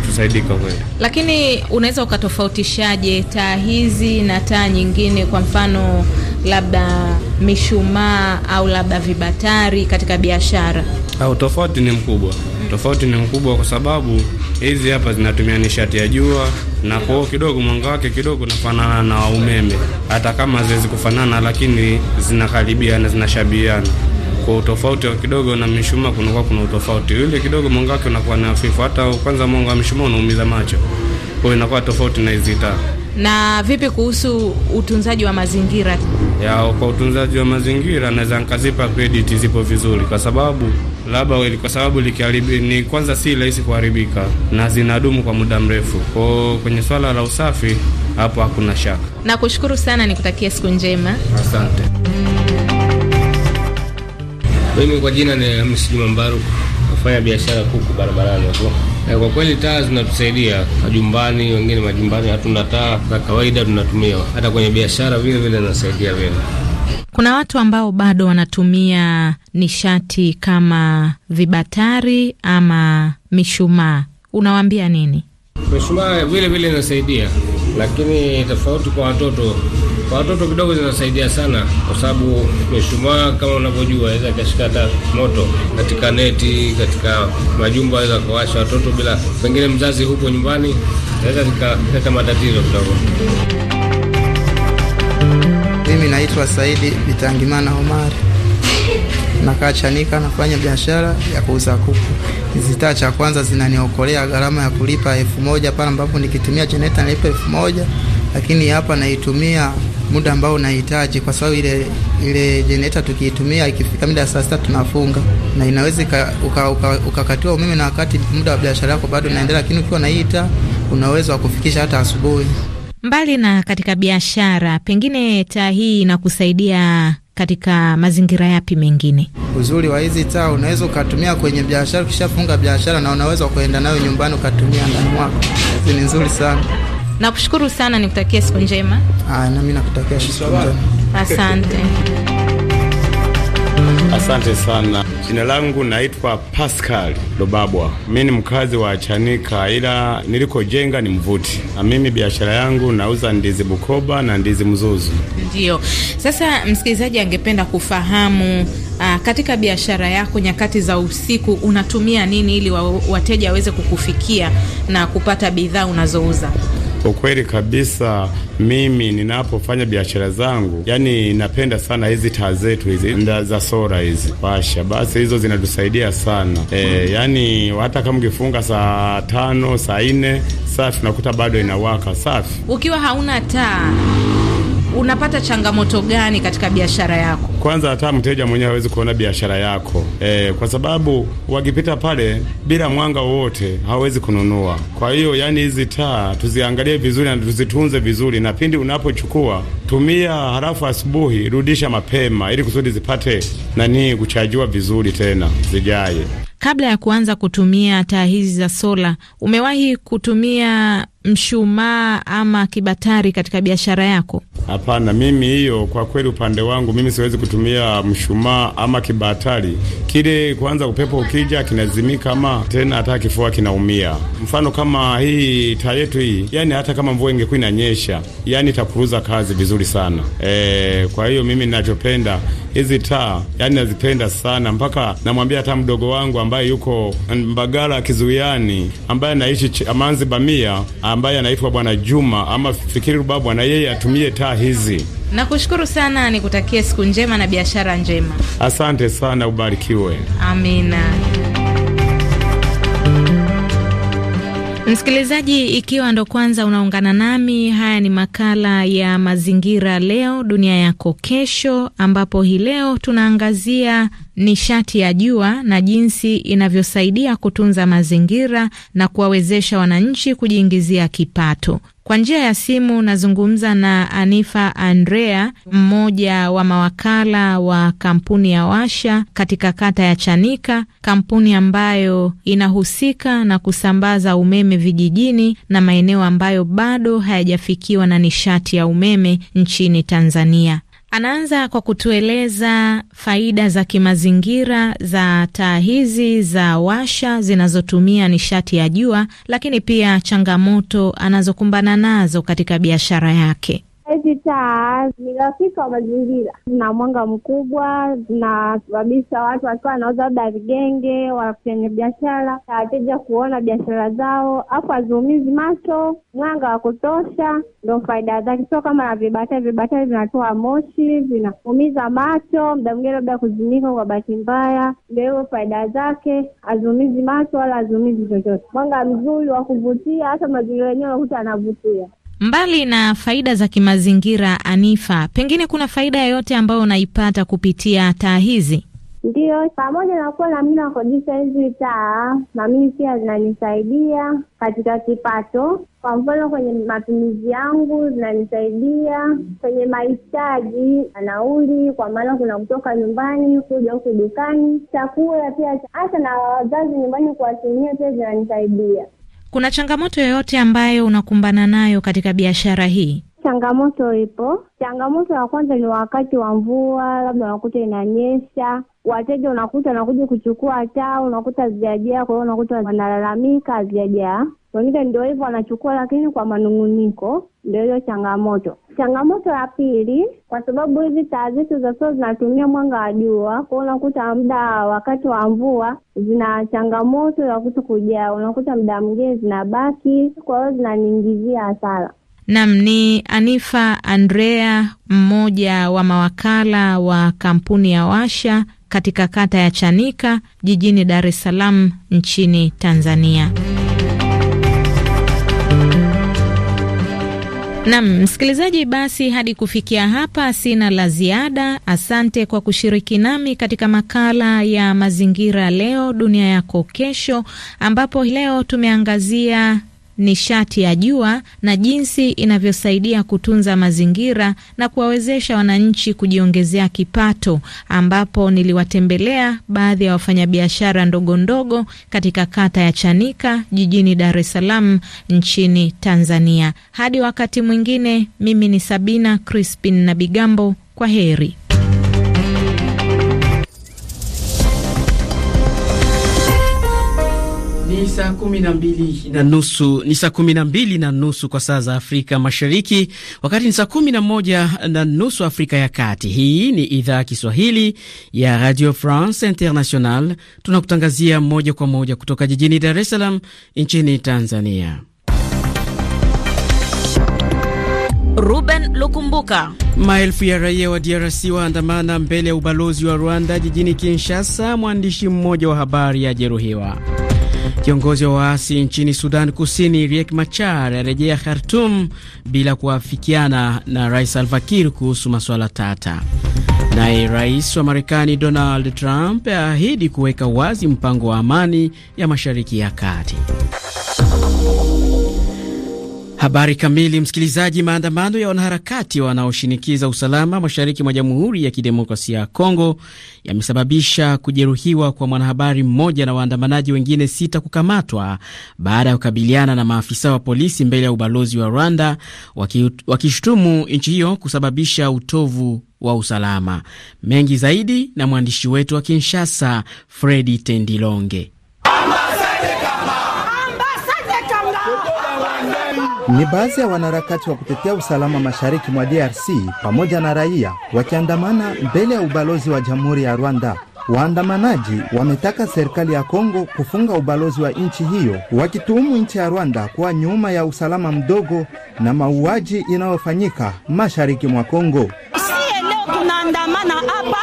tusaidika kweli. Lakini unaweza ukatofautishaje taa hizi na taa nyingine, kwa mfano labda mishumaa au labda vibatari katika biashara au? Tofauti ni mkubwa, tofauti ni mkubwa kwa sababu hizi hapa zinatumia nishati ya jua na kwao kidogo mwanga wake kidogo unafanana na umeme, hata kama haziwezi kufanana, lakini zinakaribiana, zinashabiana kwa utofauti kidogo na mishumaa kunakuwa kuna utofauti ule kidogo, mwanga wake unakuwa na hafifu. Hata kwanza mwanga wa mishumaa unaumiza macho, kwa inakuwa tofauti na hizi taa. Na vipi kuhusu utunzaji wa mazingira? Ya, kwa utunzaji wa mazingira naweza nikazipa credit zipo vizuri, kwa sababu labda kwa sababu likiharibi ni kwanza, si rahisi kuharibika na zinadumu kwa muda mrefu. Kwa kwenye swala la usafi hapo hakuna shaka. Nakushukuru sana, nikutakia siku njema. Asante. Mimi kwa jina ni Hamisi Juma nafanya biashara kuku barabarani hapo. Eh, kwa kweli taa zinatusaidia majumbani, wengine majumbani hatuna taa za kawaida, tunatumia hata kwenye biashara vile vile, inasaidia vile kuna watu ambao bado wanatumia nishati kama vibatari ama mishumaa, unawaambia nini? Mishumaa vile vile inasaidia, lakini tofauti kwa watoto kwa watoto kidogo zinasaidia sana, kwa sababu mishumaa kama unavyojua aweza akashika hata moto katika neti, katika majumba aweza akawasha watoto bila pengine mzazi huko nyumbani, aweza zikaleta matatizo kidogo. Mimi naitwa Saidi Bitangimana Omari, nakaa Chanika, nafanya biashara ya kuuza kuku. Hizi taa cha kwanza zinaniokolea gharama ya kulipa elfu moja pale ambapo nikitumia jeneta nilipa elfu moja lakini hapa naitumia muda ambao unahitaji, kwa sababu ile ile generator tukiitumia ikifika muda saa sita tunafunga, na inaweza ukakatiwa uka, uka umeme na wakati muda wa biashara yako bado unaendelea, lakini ukiwa na hita una uwezo wa kufikisha hata asubuhi. Mbali na katika biashara, pengine taa hii inakusaidia katika mazingira yapi mengine? Uzuri wa hizi taa unaweza ukatumia kwenye biashara, ukishafunga biashara na unaweza ukaenda nayo nyumbani ukatumia ndani mwako. Hizi ni nzuri sana. Nakushukuru sana, nikutakia siku njema. Ah, nami nakutakia siku njema. Asante. Asante sana. Jina langu naitwa Pascal Lobabwa, mi ni mkazi wa Chanika, ila nilikojenga ni mvuti, na mimi biashara yangu nauza ndizi Bukoba na ndizi Mzuzu. ndio sasa msikilizaji angependa kufahamu aa, ah, katika biashara yako nyakati za usiku unatumia nini ili wa, wateja waweze kukufikia na kupata bidhaa unazouza? Kwa kweli kabisa, mimi ninapofanya biashara zangu, yani napenda sana hizi taa zetu hizi za sora hizi pasha, basi hizo zinatusaidia sana e, yani hata kama ukifunga saa tano saa nne safi, nakuta bado inawaka safi ukiwa hauna taa unapata changamoto gani katika biashara yako? Kwanza hata mteja mwenyewe hawezi kuona biashara yako e, kwa sababu wakipita pale bila mwanga wowote hawezi kununua. Kwa hiyo yani, hizi taa tuziangalie vizuri na tuzitunze vizuri, na pindi unapochukua tumia halafu, asubuhi rudisha mapema, ili kusudi zipate nani kuchajiwa vizuri tena zijaye. Kabla ya kuanza kutumia taa hizi za sola, umewahi kutumia mshumaa ama kibatari katika biashara yako? Hapana, mimi hiyo kwa kweli, upande wangu mimi siwezi kutumia mshumaa ama kibatari kile. Kwanza upepo ukija kinazimika, ama tena hata kifua kinaumia. Mfano kama hii taa yetu hii, yani hata kama mvua ingekuwa inanyesha, yani itakuruza kazi vizuri sana e. Kwa hiyo mimi ninachopenda hizi taa, yani nazipenda sana, mpaka namwambia hata mdogo wangu ambaye yuko Mbagala Kizuiani, ambaye anaishi Amanzi Bamia ambaye anaitwa Bwana Juma ama Fikiri Rubabwa, na yeye atumie taa hizi. Nakushukuru sana, nikutakie siku njema na biashara njema. Asante sana, ubarikiwe. Amina. Msikilizaji, ikiwa ndo kwanza unaungana nami, haya ni makala ya mazingira leo dunia yako kesho, ambapo hii leo tunaangazia nishati ya jua na jinsi inavyosaidia kutunza mazingira na kuwawezesha wananchi kujiingizia kipato. Kwa njia ya simu nazungumza na Anifa Andrea, mmoja wa mawakala wa kampuni ya Washa katika kata ya Chanika, kampuni ambayo inahusika na kusambaza umeme vijijini na maeneo ambayo bado hayajafikiwa na nishati ya umeme nchini Tanzania. Anaanza kwa kutueleza faida za kimazingira za taa hizi za washa zinazotumia nishati ya jua, lakini pia changamoto anazokumbana nazo katika biashara yake. Edita ni rafiki wa mazingira, na mwanga mkubwa na kabisa, watu wakiwa wanauza labda vigenge, wafanya biashara wateja kuona biashara zao, afu aziumizi macho, mwanga wa kutosha ndo faida zake, sio kama na vibatai Vibatari vinatoa moshi, vinaumiza macho, mda mwingine labda kuzimika kwa bahati mbaya. Ndo hiyo faida zake, aziumizi macho wala haziumizi chochote. Mwanga mzuri wa kuvutia, hata mazingira yenyewe unakuta anavutia. Mbali na faida za kimazingira, Anifa, pengine kuna faida yoyote ambayo unaipata kupitia taa hizi? Ndiyo, pamoja na kuwa na mimi nakodisha hizi taa, na mimi pia zinanisaidia katika kipato. Kwa mfano, kwenye matumizi yangu zinanisaidia kwenye mahitaji na nauli, kwa maana kuna kutoka nyumbani kuja huku dukani, chakula pia, hata na wazazi nyumbani kuwatumia, pia zinanisaidia. Kuna changamoto yoyote ambayo unakumbana nayo katika biashara hii? Changamoto ipo. Changamoto ya kwanza ni wakati wa mvua, labda unakuta inanyesha, wateja unakuta wanakuja kuchukua taa, unakuta hazijajaa, kwa hiyo unakuta wanalalamika hazijajaa wengine ndio hivyo wanachukua, lakini kwa manung'uniko. Ndio hiyo changamoto. Changamoto ya pili, kwa sababu hizi zetu za sio zinatumia mwanga wa jua, kwa unakuta muda wakati wa mvua zina changamoto ya kuto kujaa, unakuta muda mwingine zinabaki, kwa hiyo zinaniingizia hasara. Nam ni Anifa Andrea, mmoja wa mawakala wa kampuni ya Washa katika kata ya Chanika jijini Dar es Salaam nchini Tanzania. Nam msikilizaji, basi hadi kufikia hapa sina la ziada. Asante kwa kushiriki nami katika makala ya mazingira leo dunia yako kesho, ambapo leo tumeangazia nishati ya jua na jinsi inavyosaidia kutunza mazingira na kuwawezesha wananchi kujiongezea kipato, ambapo niliwatembelea baadhi ya wafanyabiashara ndogo ndogo katika kata ya Chanika jijini Dar es Salaam nchini Tanzania. Hadi wakati mwingine, mimi ni Sabina Crispin na Bigambo, kwa heri. Ni saa kumi na mbili na nusu, kwa saa za Afrika Mashariki, wakati ni saa kumi na moja na nusu Afrika ya Kati. Hii ni idhaa ya Kiswahili ya Radio France International, tunakutangazia moja kwa moja kutoka jijini Dar es Salaam nchini Tanzania. Ruben Lukumbuka. Maelfu ya raia wa DRC waandamana mbele ya ubalozi wa Rwanda jijini Kinshasa. Mwandishi mmoja wa habari ajeruhiwa. Kiongozi wa waasi nchini Sudan Kusini Riek Machar arejea Khartum bila kuafikiana na Rais Salva Kiir kuhusu masuala tata. Naye rais wa Marekani Donald Trump aahidi kuweka wazi mpango wa amani ya Mashariki ya Kati. Habari kamili, msikilizaji. Maandamano ya wanaharakati wanaoshinikiza usalama mashariki mwa Jamhuri ya Kidemokrasia ya Kongo yamesababisha kujeruhiwa kwa mwanahabari mmoja na waandamanaji wengine sita kukamatwa baada ya kukabiliana na maafisa wa polisi mbele ya ubalozi wa Rwanda wakishutumu nchi hiyo kusababisha utovu wa usalama. Mengi zaidi na mwandishi wetu wa Kinshasa, Fredi Tendilonge. Ni baadhi ya wanaharakati wa kutetea usalama mashariki mwa DRC pamoja na raia wakiandamana mbele ya ubalozi wa Jamhuri ya Rwanda. Waandamanaji wametaka serikali ya Kongo kufunga ubalozi wa nchi hiyo, wakituhumu nchi ya Rwanda kuwa nyuma ya usalama mdogo na mauaji inayofanyika mashariki mwa Kongo. Si eneo tunaandamana hapa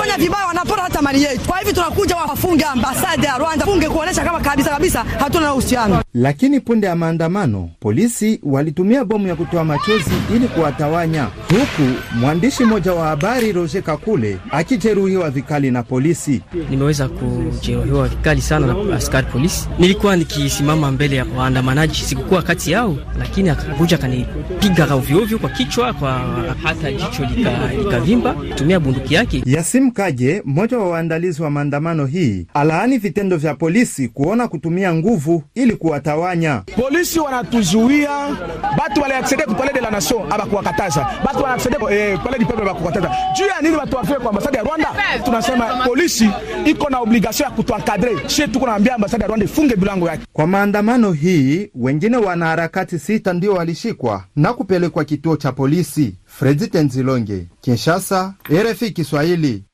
wanafanya vibaya, wanapora hata mali yetu. Kwa hivyo tunakuja wafunge ambasada ya Rwanda, funge kuonesha kama kabisa kabisa hatuna uhusiano lakini punde ya maandamano polisi walitumia bomu ya kutoa machozi ili kuwatawanya, huku mwandishi mmoja wa habari Roger Kakule akijeruhiwa vikali na polisi. Nimeweza kujeruhiwa vikali sana na askari polisi. Nilikuwa nikisimama mbele ya waandamanaji, sikukuwa kati yao, lakini akakuja akanipiga ovyoovyo kwa kichwa, kwa hata jicho likavimba, tumia bunduki yake. Yasim Kaje, mmoja wa waandalizi wa maandamano hii, alaani vitendo vya polisi kuona kutumia nguvu ili kuwa kuwatawanya. Polisi wanatuzuia batu wale accede ku palais de la nation aba kuwakataza batu wale accede eh, palais du peuple aba kuwakataza juu ya nini? Watu wafie kwa ambasada ya Rwanda, tunasema polisi iko na obligation ya kutuakadre shie, tuko naambia ambasada ya Rwanda ifunge bilango yake. Kwa maandamano hii, wengine wanaharakati sita ndio walishikwa na kupelekwa kituo cha polisi. Fredi Tenzilonge, Kinshasa, RFI Kiswahili.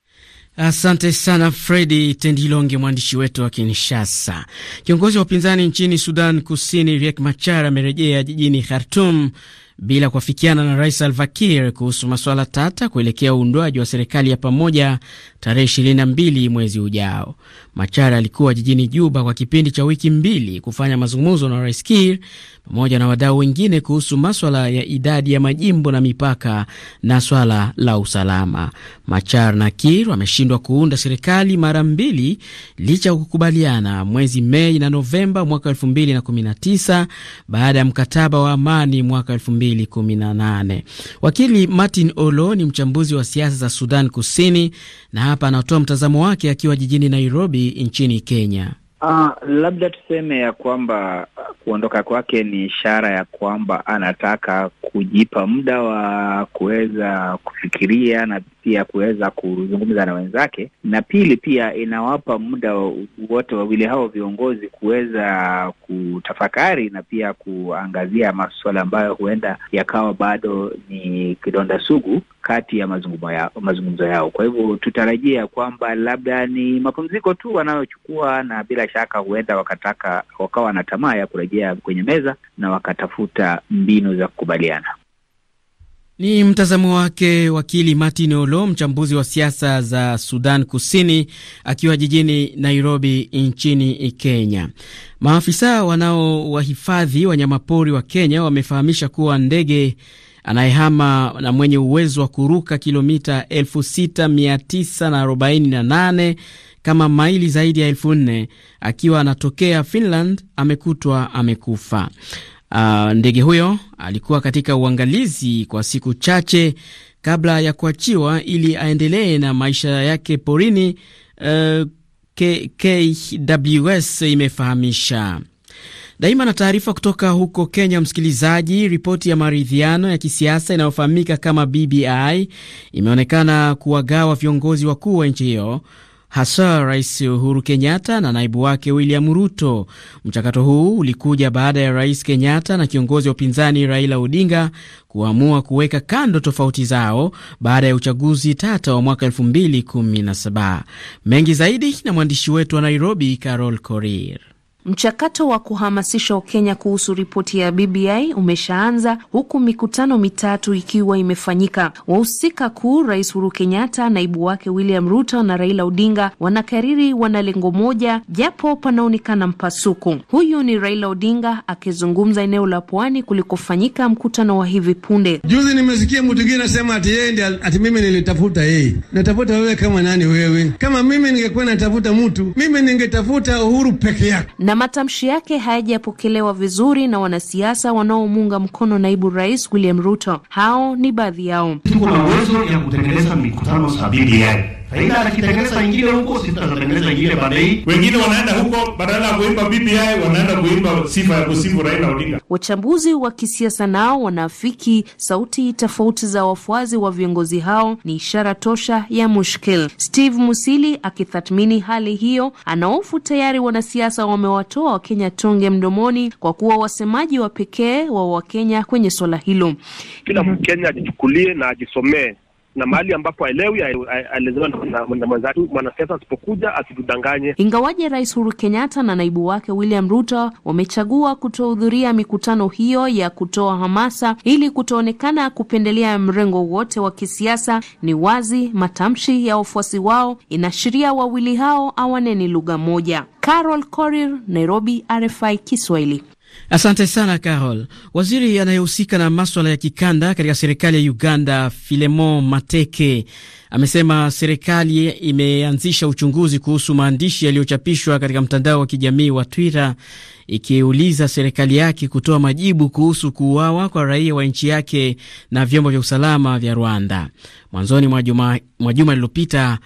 Asante sana Fredi Tendilonge, mwandishi wetu wa Kinshasa. Kiongozi wa upinzani nchini Sudan Kusini Riek Machar amerejea jijini Khartum bila kuafikiana na rais Salva Kiir kuhusu masuala tata kuelekea uundwaji wa serikali ya pamoja tarehe 22 mwezi ujao. Machar alikuwa jijini Juba kwa kipindi cha wiki mbili kufanya mazungumzo na rais Kiir pamoja na wadau wengine kuhusu maswala ya idadi ya majimbo na mipaka na swala la usalama. Machar na Kir wameshindwa kuunda serikali mara mbili licha ya kukubaliana mwezi Mei na Novemba mwaka 2019 baada ya mkataba wa amani mwaka 2018. Wakili Martin Olo ni mchambuzi wa siasa za Sudan Kusini na hapa anatoa mtazamo wake akiwa jijini Nairobi nchini Kenya. Ah, labda tuseme ya kwamba ah, kuondoka kwake ni ishara ya kwamba anataka kujipa muda wa kuweza kufikiria na pia kuweza kuzungumza na wenzake, na pili pia inawapa muda wote wawili hao viongozi kuweza kutafakari na pia kuangazia masuala ambayo huenda yakawa bado ni kidonda sugu kati ya mazungumzo yao, yao. Kwa hivyo tutarajia kwamba labda ni mapumziko tu wanayochukua, na bila shaka huenda wakataka wakawa na tamaa ya kurejea kwenye meza na wakatafuta mbinu za kukubaliana. Ni mtazamo wake wakili Martin Olo, mchambuzi wa siasa za Sudan Kusini, akiwa jijini Nairobi nchini Kenya. Maafisa wanaowahifadhi wanyamapori wa Kenya wamefahamisha kuwa ndege anayehama na mwenye uwezo wa kuruka kilomita 6948 kama maili zaidi ya elfu akiwa anatokea Finland amekutwa amekufa. Uh, ndege huyo alikuwa katika uangalizi kwa siku chache kabla ya kuachiwa ili aendelee na maisha yake porini. Uh, eh, KWS imefahamisha Daima na taarifa kutoka huko Kenya, msikilizaji. Ripoti ya maridhiano ya kisiasa inayofahamika kama BBI imeonekana kuwagawa viongozi wakuu wa nchi hiyo hasa Rais Uhuru Kenyatta na naibu wake William Ruto. Mchakato huu ulikuja baada ya Rais Kenyatta na kiongozi wa upinzani Raila Odinga kuamua kuweka kando tofauti zao baada ya uchaguzi tata wa mwaka 2017. Mengi zaidi na mwandishi wetu wa Nairobi, Carol Korir. Mchakato wa kuhamasisha Wakenya kuhusu ripoti ya BBI umeshaanza huku mikutano mitatu ikiwa imefanyika. Wahusika kuu, Rais Uhuru Kenyatta, naibu wake William Ruto na Raila Odinga, wanakariri wana lengo moja, japo panaonekana mpasuko. Huyu ni Raila Odinga akizungumza eneo la Pwani kulikofanyika mkutano wa hivi punde. Juzi nimesikia mtu mwingine anasema ati yeye ndiye ati mimi nilitafuta yeye. Natafuta wewe kama nani wewe? Kama mimi ningekuwa natafuta mtu, mimi ningetafuta Uhuru peke yake na matamshi yake hayajapokelewa vizuri na wanasiasa wanaomuunga mkono naibu rais William Ruto. Hao ni baadhi yao. Tuko na uwezo ya kutengeneza mikutano za BBI aidha akitengeneza ingine huko, sisi tutatengeneza ingine hii. Wengine wanaenda huko badala ya kuimba BBI wanaenda kuimba sifa ya kusifu Raila Odinga. Wachambuzi wa kisiasa nao wanaafiki sauti tofauti za wafuazi wa viongozi hao ni ishara tosha ya mushkil. Steve Musili akitathmini hali hiyo, anahofu tayari wanasiasa wamewatoa Wakenya tonge mdomoni kwa kuwa wasemaji wa pekee wa Wakenya kwenye swala hilo. Kila Mkenya ajichukulie na ajisomee na mahali ambapo aelewi aelezewa na mwenzake, mwanasiasa asipokuja asitudanganye. Ingawaje Rais Huru Kenyatta na naibu wake William Ruto wamechagua kutohudhuria mikutano hiyo ya kutoa hamasa ili kutoonekana kupendelea mrengo wote wa kisiasa, ni wazi matamshi ya wafuasi wao inaashiria wawili hao awaneni lugha moja. Carol Korir, Nairobi, RFI Kiswahili. Asante sana Carol. Waziri anayehusika na maswala ya kikanda katika serikali ya Uganda, Filemon Mateke, amesema serikali imeanzisha uchunguzi kuhusu maandishi yaliyochapishwa katika mtandao wa kijamii wa Twitter, ikiuliza serikali yake kutoa majibu kuhusu kuuawa kwa raia wa nchi yake na vyombo vya usalama vya Rwanda. Mwanzoni mwa juma lililopita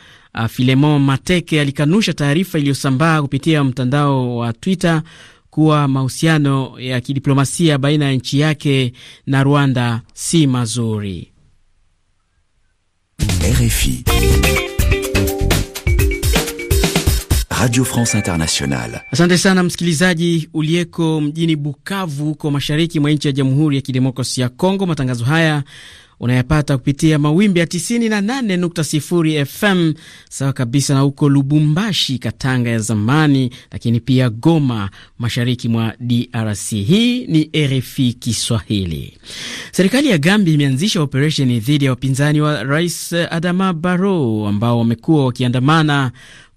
Filemon uh, Mateke alikanusha taarifa iliyosambaa kupitia mtandao wa Twitter kuwa mahusiano ya kidiplomasia baina ya nchi yake na Rwanda si mazuri. RFI Radio France Internationale. Asante sana msikilizaji uliyeko mjini Bukavu huko mashariki mwa nchi ya Jamhuri ya Kidemokrasia ya Kongo. Matangazo haya unayapata kupitia mawimbi ya 98.0 FM, sawa kabisa na huko Lubumbashi, Katanga ya zamani, lakini pia Goma, mashariki mwa DRC. Hii ni RFI Kiswahili. Serikali ya Gambia imeanzisha operesheni dhidi ya wapinzani wa Rais Adama Barrow ambao wamekuwa wakiandamana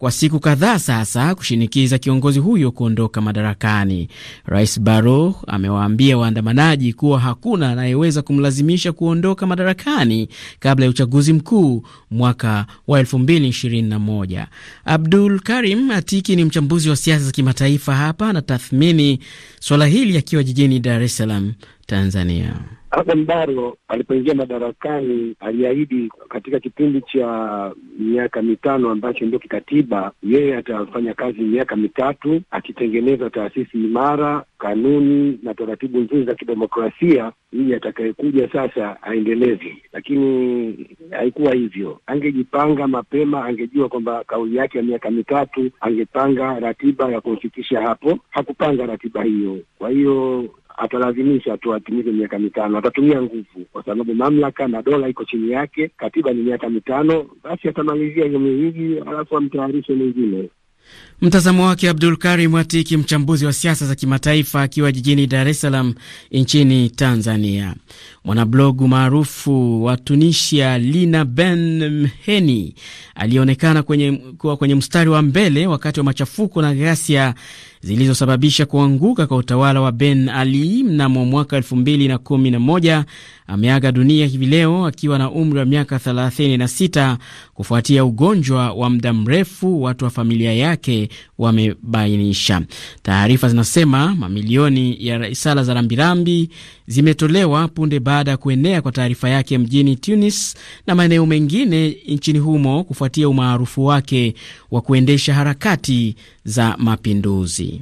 kwa siku kadhaa sasa kushinikiza kiongozi huyo kuondoka madarakani. Rais Barrow amewaambia waandamanaji kuwa hakuna anayeweza kumlazimisha kuondoka madarakani kabla ya uchaguzi mkuu mwaka wa 2021. Abdul Karim Atiki ni mchambuzi wa siasa za kimataifa hapa, anatathmini swala hili akiwa jijini Dar es Salaam, Tanzania. Adam Daro alipoingia madarakani aliahidi katika kipindi cha miaka mitano ambacho ndio kikatiba, yeye atafanya kazi miaka mitatu akitengeneza taasisi imara, kanuni na taratibu nzuri za kidemokrasia ili atakayekuja sasa aendeleze. Lakini haikuwa hivyo. Angejipanga mapema, angejua kwamba kauli yake ya miaka mitatu, angepanga ratiba ya kumfikisha hapo. Hakupanga ratiba hiyo, kwa hiyo atalazimisha tu atimize miaka mitano, atatumia nguvu, kwa sababu mamlaka na dola iko chini yake. Katiba ni miaka mitano, basi atamalizia hiyo miwili, alafu amtayarishe mwingine. Mtazamo wake Abdul Karim Atiki, mchambuzi wa siasa za kimataifa akiwa jijini Dar es Salaam nchini Tanzania. Mwanablogu maarufu wa Tunisia Lina Ben Mheni alionekana kuwa kwenye, kwenye mstari wa mbele wakati wa machafuko na ghasia zilizosababisha kuanguka kwa utawala wa Ben Ali mnamo mwaka 2011 ameaga dunia hivi leo akiwa na umri wa miaka 36 kufuatia ugonjwa wa muda mrefu, watu wa familia yake wamebainisha. Taarifa zinasema mamilioni ya sala za rambirambi zimetolewa punde baada ya kuenea kwa taarifa yake mjini Tunis na maeneo mengine nchini humo kufuatia umaarufu wake wa kuendesha harakati za mapinduzi.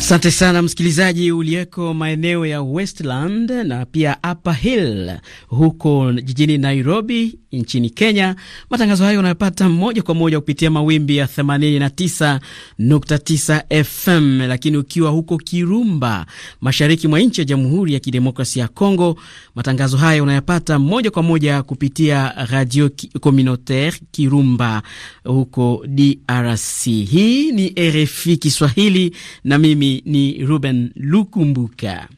Asante sana msikilizaji uliyeko maeneo ya Westland na pia Upper Hill huko jijini Nairobi nchini Kenya. Matangazo hayo unayopata moja kwa moja kupitia mawimbi ya 89.9 FM, lakini ukiwa huko Kirumba, mashariki mwa nchi ya Jamhuri ya Kidemokrasia ya Kongo, matangazo hayo unayapata moja kwa moja kupitia Radio Communautaire Kirumba huko DRC. Hii ni RFI Kiswahili na mimi mimi ni Ruben Lukumbuka.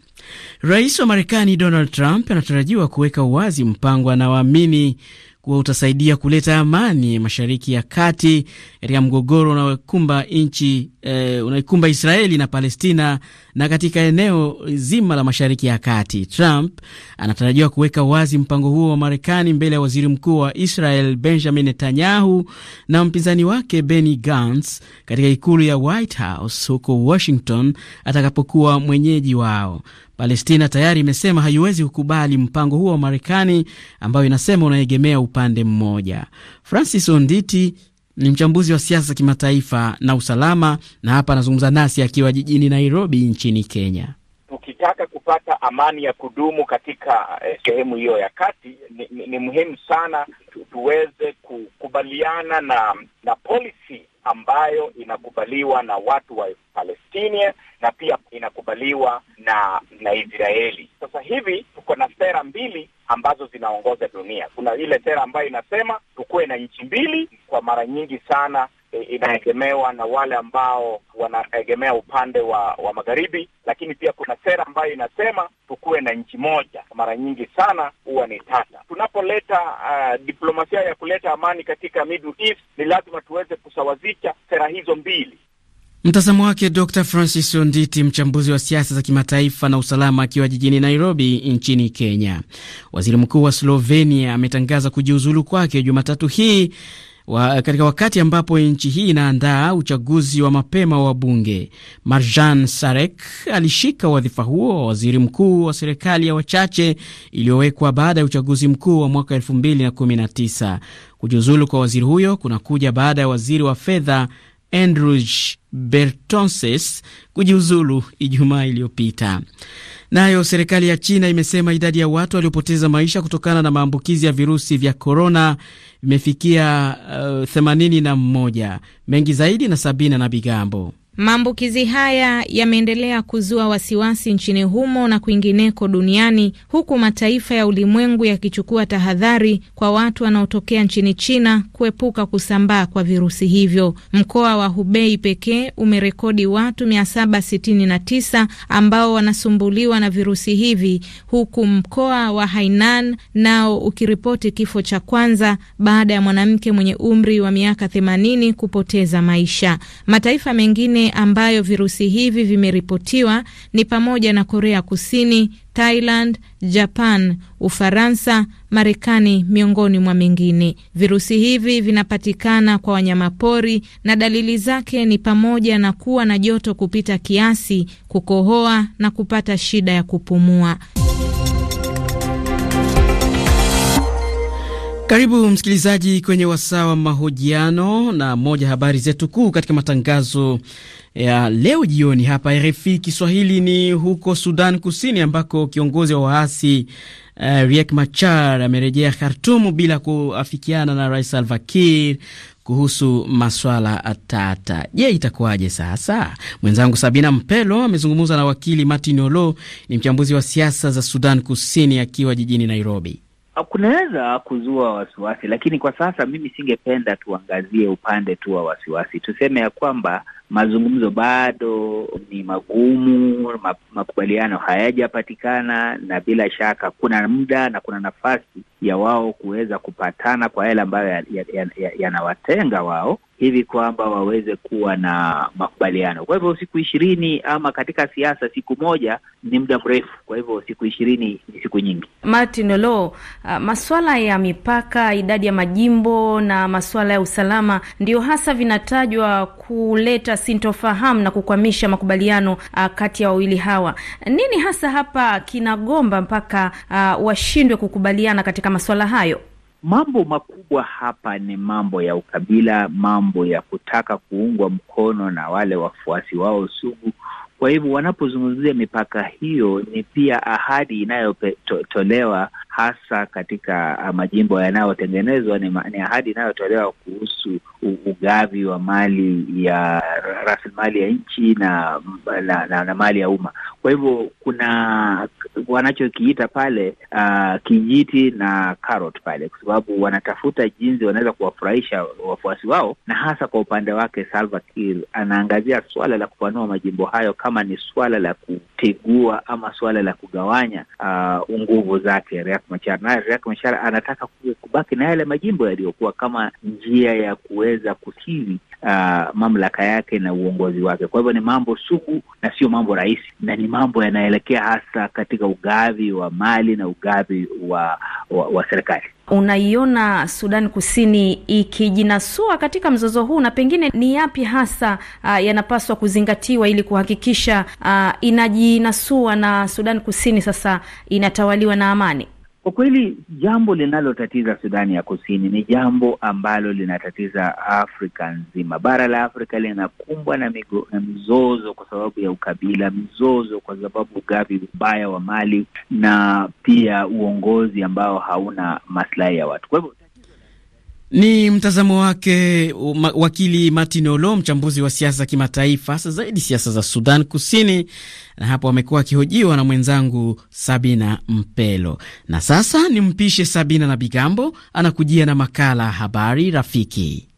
Rais wa Marekani Donald Trump anatarajiwa kuweka wazi mpango anaoamini kuwa utasaidia kuleta amani Mashariki ya Kati katika mgogoro unaokumba nchi e, eh, unaikumba Israeli na Palestina na katika eneo zima la Mashariki ya Kati. Trump anatarajiwa kuweka wazi mpango huo wa Marekani mbele ya waziri mkuu wa Israel Benjamin Netanyahu na mpinzani wake Benny Gantz katika ikulu ya White House huko Washington atakapokuwa mwenyeji wao. Palestina tayari imesema haiwezi kukubali mpango huo wa Marekani ambayo inasema unaegemea upande mmoja. Francis Onditi ni mchambuzi wa siasa za kimataifa na usalama, na hapa anazungumza nasi akiwa jijini Nairobi nchini Kenya. Tukitaka kupata amani ya kudumu katika eh, sehemu hiyo ya kati ni, ni, ni muhimu sana tu, tuweze kukubaliana na na policy ambayo inakubaliwa na watu wa Palestina na pia inakubaliwa na na Israeli. Sasa hivi tuko na sera mbili ambazo zinaongoza dunia. Kuna ile sera ambayo inasema tukuwe na nchi mbili, kwa mara nyingi sana Eh, inaegemewa na wale ambao wanaegemea upande wa, wa magharibi, lakini pia kuna sera ambayo inasema tukuwe na nchi moja. Mara nyingi sana huwa ni tata. Tunapoleta uh, diplomasia ya kuleta amani katika Middle East, ni lazima tuweze kusawazisha sera hizo mbili. Mtazamo wake Dr Francis Onditi, mchambuzi wa siasa za kimataifa na usalama, akiwa jijini Nairobi nchini Kenya. Waziri Mkuu wa Slovenia ametangaza kujiuzulu kwake Jumatatu hii wa, katika wakati ambapo nchi hii inaandaa uchaguzi wa mapema wa bunge. Marjan Sarek alishika wadhifa huo wa waziri mkuu wa serikali ya wachache iliyowekwa baada ya uchaguzi mkuu wa mwaka 2019. Kujiuzulu kwa waziri huyo kunakuja baada ya waziri wa fedha Andrew Bertonses kujiuzulu Ijumaa iliyopita. Nayo serikali ya China imesema idadi ya watu waliopoteza maisha kutokana na maambukizi ya virusi vya korona imefikia uh, 81. na mmoja mengi zaidi na Sabina na bigambo Maambukizi haya yameendelea kuzua wasiwasi nchini humo na kwingineko duniani huku mataifa ya ulimwengu yakichukua tahadhari kwa watu wanaotokea nchini China kuepuka kusambaa kwa virusi hivyo. Mkoa wa Hubei pekee umerekodi watu 769 ambao wanasumbuliwa na virusi hivi huku mkoa wa Hainan nao ukiripoti kifo cha kwanza baada ya mwanamke mwenye umri wa miaka 80 kupoteza maisha. Mataifa mengine nane ambayo virusi hivi vimeripotiwa ni pamoja na Korea Kusini, Thailand, Japan, Ufaransa, Marekani miongoni mwa mengine. Virusi hivi vinapatikana kwa wanyamapori na dalili zake ni pamoja na kuwa na joto kupita kiasi, kukohoa na kupata shida ya kupumua. Karibu msikilizaji kwenye wasaa wa mahojiano na moja habari zetu kuu katika matangazo ya leo jioni hapa RFI Kiswahili ni huko Sudan Kusini ambako kiongozi wa waasi uh, Riek Machar amerejea Khartum bila kuafikiana na Rais Salva Kiir kuhusu maswala tata. Je, itakuwaje sasa? Mwenzangu Sabina Mpelo amezungumza na wakili Martin Olo, ni mchambuzi wa siasa za Sudan Kusini akiwa jijini Nairobi kunaweza kuzua wasiwasi, lakini kwa sasa mimi singependa tuangazie upande tu wa wasiwasi. Tuseme ya kwamba mazungumzo bado ni magumu, makubaliano hayajapatikana, na bila shaka kuna muda na kuna nafasi ya wao kuweza kupatana kwa yale ambayo yanawatenga ya, ya, ya wao hivi kwamba waweze kuwa na makubaliano. Kwa hivyo siku ishirini ama katika siasa siku moja ni muda mrefu, kwa hivyo siku ishirini ni siku nyingi. Martin Olo, uh, maswala ya mipaka, idadi ya majimbo na masuala ya usalama ndio hasa vinatajwa kuleta sintofahamu na kukwamisha makubaliano uh, kati ya wawili hawa. Nini hasa hapa kinagomba mpaka uh, washindwe kukubaliana katika masuala hayo? Mambo makubwa hapa ni mambo ya ukabila, mambo ya kutaka kuungwa mkono na wale wafuasi wao sugu. Kwa hivyo wanapozungumzia mipaka hiyo, ni pia ahadi inayotolewa hasa katika ah, majimbo yanayotengenezwa ni, ni ahadi inayotolewa kuhusu ugavi wa mali ya rasilimali ya nchi na, na, na, na mali ya umma. Kwa hivyo kuna wanachokiita pale uh, kijiti na carrot pale, kwa sababu wanatafuta jinsi wanaweza kuwafurahisha wafuasi wao, na hasa kwa upande wake Salva Kiir anaangazia swala la kupanua majimbo hayo kama ni swala la kutegua ama swala la kugawanya uh, nguvu zake Riek Machar, naye Riek Machar anataka kubaki na yale majimbo yaliyokuwa kama njia ya kuweza kusiri uh, ah, mamlaka yake na uongozi wake. Kwa hivyo ni mambo sugu na sio mambo rahisi, na ni mambo yanaelekea hasa katika ugavi wa mali na ugavi wa, wa, wa serikali. Unaiona Sudan Kusini ikijinasua katika mzozo huu, na pengine ni yapi hasa uh, yanapaswa kuzingatiwa ili kuhakikisha uh, inajinasua na Sudan Kusini sasa inatawaliwa na amani? Kwa kweli jambo linalotatiza Sudani ya Kusini ni jambo ambalo linatatiza Afrika nzima. Bara la Afrika linakumbwa na, migo, na mizozo kwa sababu ya ukabila, mizozo kwa sababu ugavi mbaya wa mali na pia uongozi ambao hauna maslahi ya watu. Kwa hivyo ni mtazamo wake wakili Martin Olo, mchambuzi wa siasa kimataifa, hasa zaidi siasa za Sudan Kusini, na hapo amekuwa akihojiwa na mwenzangu Sabina Mpelo. Na sasa ni mpishe Sabina na Bigambo, anakujia na makala Habari Rafiki.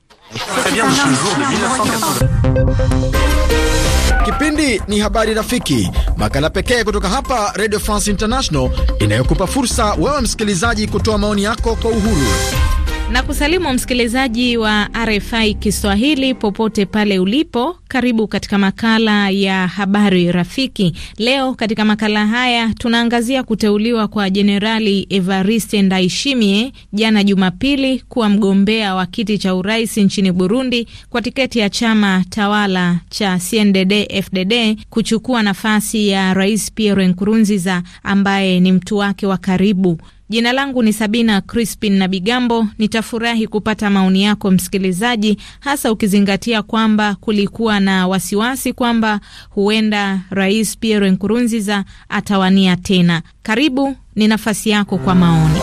Kipindi ni Habari Rafiki, makala pekee kutoka hapa Radio France International inayokupa fursa wewe msikilizaji kutoa maoni yako kwa uhuru na kusalimu msikilizaji wa RFI Kiswahili popote pale ulipo. Karibu katika makala ya habari rafiki. Leo katika makala haya tunaangazia kuteuliwa kwa Jenerali Evariste Ndayishimiye jana Jumapili kuwa mgombea wa kiti cha urais nchini Burundi kwa tiketi ya chama tawala cha CNDD-FDD kuchukua nafasi ya Rais Pierre Nkurunziza ambaye ni mtu wake wa karibu. Jina langu ni Sabina Crispin na Bigambo. Nitafurahi kupata maoni yako msikilizaji, hasa ukizingatia kwamba kulikuwa na wasiwasi kwamba huenda Rais Pierre Nkurunziza atawania tena. Karibu, ni nafasi yako kwa maoni.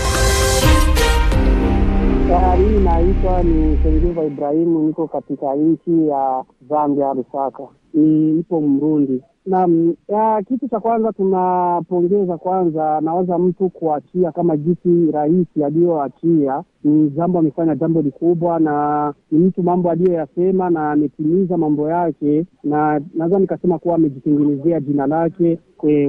Hii naitwa ni Sengiva Ibrahimu, niko katika nchi ya Zambia, Lusaka, ni ipo Mrundi. Naam, kitu cha kwanza tunapongeza kwanza, nawaza mtu kuachia kama jinsi rais aliyoachia ni jambo, amefanya jambo likubwa, na ni mtu mambo aliyoyasema na ametimiza mambo yake, na naweza nikasema kuwa amejitengenezea jina lake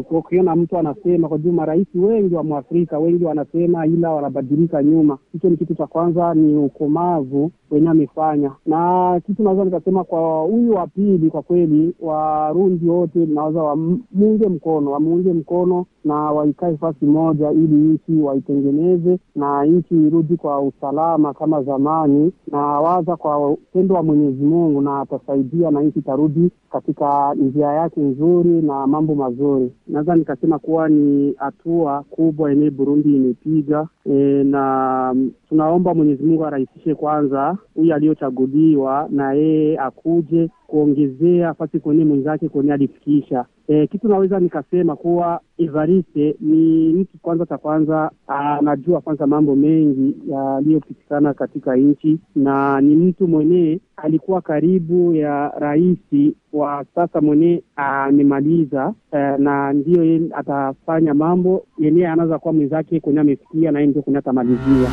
kukiona mtu anasema kwa juu marais wengi wa Mwafrika wengi wanasema ila wanabadilika nyuma. Hicho ni kitu cha kwanza, ni ukomavu wenye amefanya, na kitu naweza nikasema kwa huyu wa pili, kwa kweli Warundi wote naweza wamuunge mkono, wamuunge mkono na waikae fasi moja, ili nchi waitengeneze na nchi irudi kwa usalama kama zamani, na waza kwa upendo wa Mwenyezi Mungu na atasaidia na nchi itarudi katika njia yake nzuri na mambo mazuri. Naweza nikasema kuwa ni hatua kubwa yenyewe Burundi imepiga e, na tunaomba Mwenyezi Mungu arahisishe kwanza huyu aliyochaguliwa na yeye akuje kuongezea fasi kwenye mwenzake kwenye alifikisha E, kitu naweza nikasema kuwa Evariste ni mtu kwanza, cha kwanza anajua kwanza mambo mengi yaliyopitikana katika nchi, na ni mtu mwenyewe alikuwa karibu ya rais wa sasa mwenyewe amemaliza, e, na ndiyo atafanya mambo yenyewe, anaweza kuwa mwenzake kwenye amefikia, naye ndio kwenye atamalizia.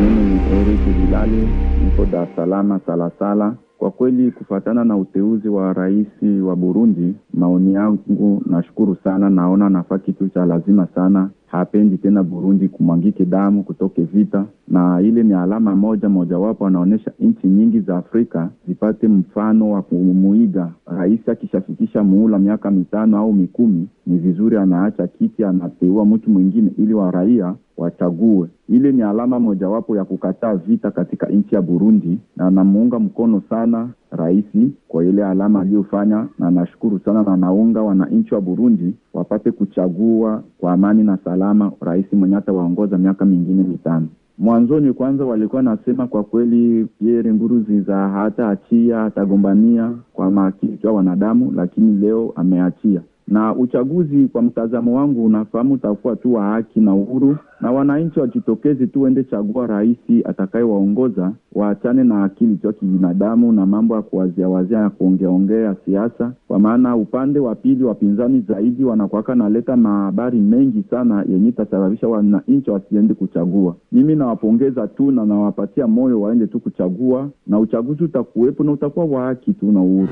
Mimi ni Eriki Vilali, niko Dar es Salaam Salasala. Kwa kweli kufuatana na uteuzi wa rais wa Burundi, maoni yangu nashukuru sana, naona nafaa kitu cha lazima sana hapendi tena Burundi kumwangike damu kutoke vita, na ile ni alama moja mojawapo, anaonyesha nchi nyingi za Afrika zipate mfano wa kumuiga rais. Akishafikisha muhula miaka mitano au mikumi, ni vizuri anaacha kiti, anateua mtu mwingine ili wa raia wachague. Ile ni alama mojawapo ya kukataa vita katika nchi ya Burundi, na namuunga mkono sana rahisi kwa ile alama aliyofanya, na nashukuru sana na naunga wananchi wa Burundi wapate kuchagua kwa amani na salama rais mwenye atawaongoza miaka mingine mitano. Mwanzoni kwanza walikuwa nasema kwa kweli Pierre ziza hata achia atagombania kwa maakili kwa wanadamu, lakini leo ameachia na uchaguzi kwa mtazamo wangu, unafahamu, utakuwa tu wa haki na uhuru, na wananchi wajitokeze tu wende chagua rais atakayewaongoza, waachane na akili cha kibinadamu na mambo ya kuwazia wazia ya kuongeaongea siasa, kwa maana upande wa pili wapinzani zaidi wanakuaka naleta mahabari mengi sana yenye itasababisha wananchi wasiende kuchagua. Mimi nawapongeza tu na nawapatia moyo waende tu kuchagua, na uchaguzi utakuwepo na utakuwa wa haki tu na uhuru.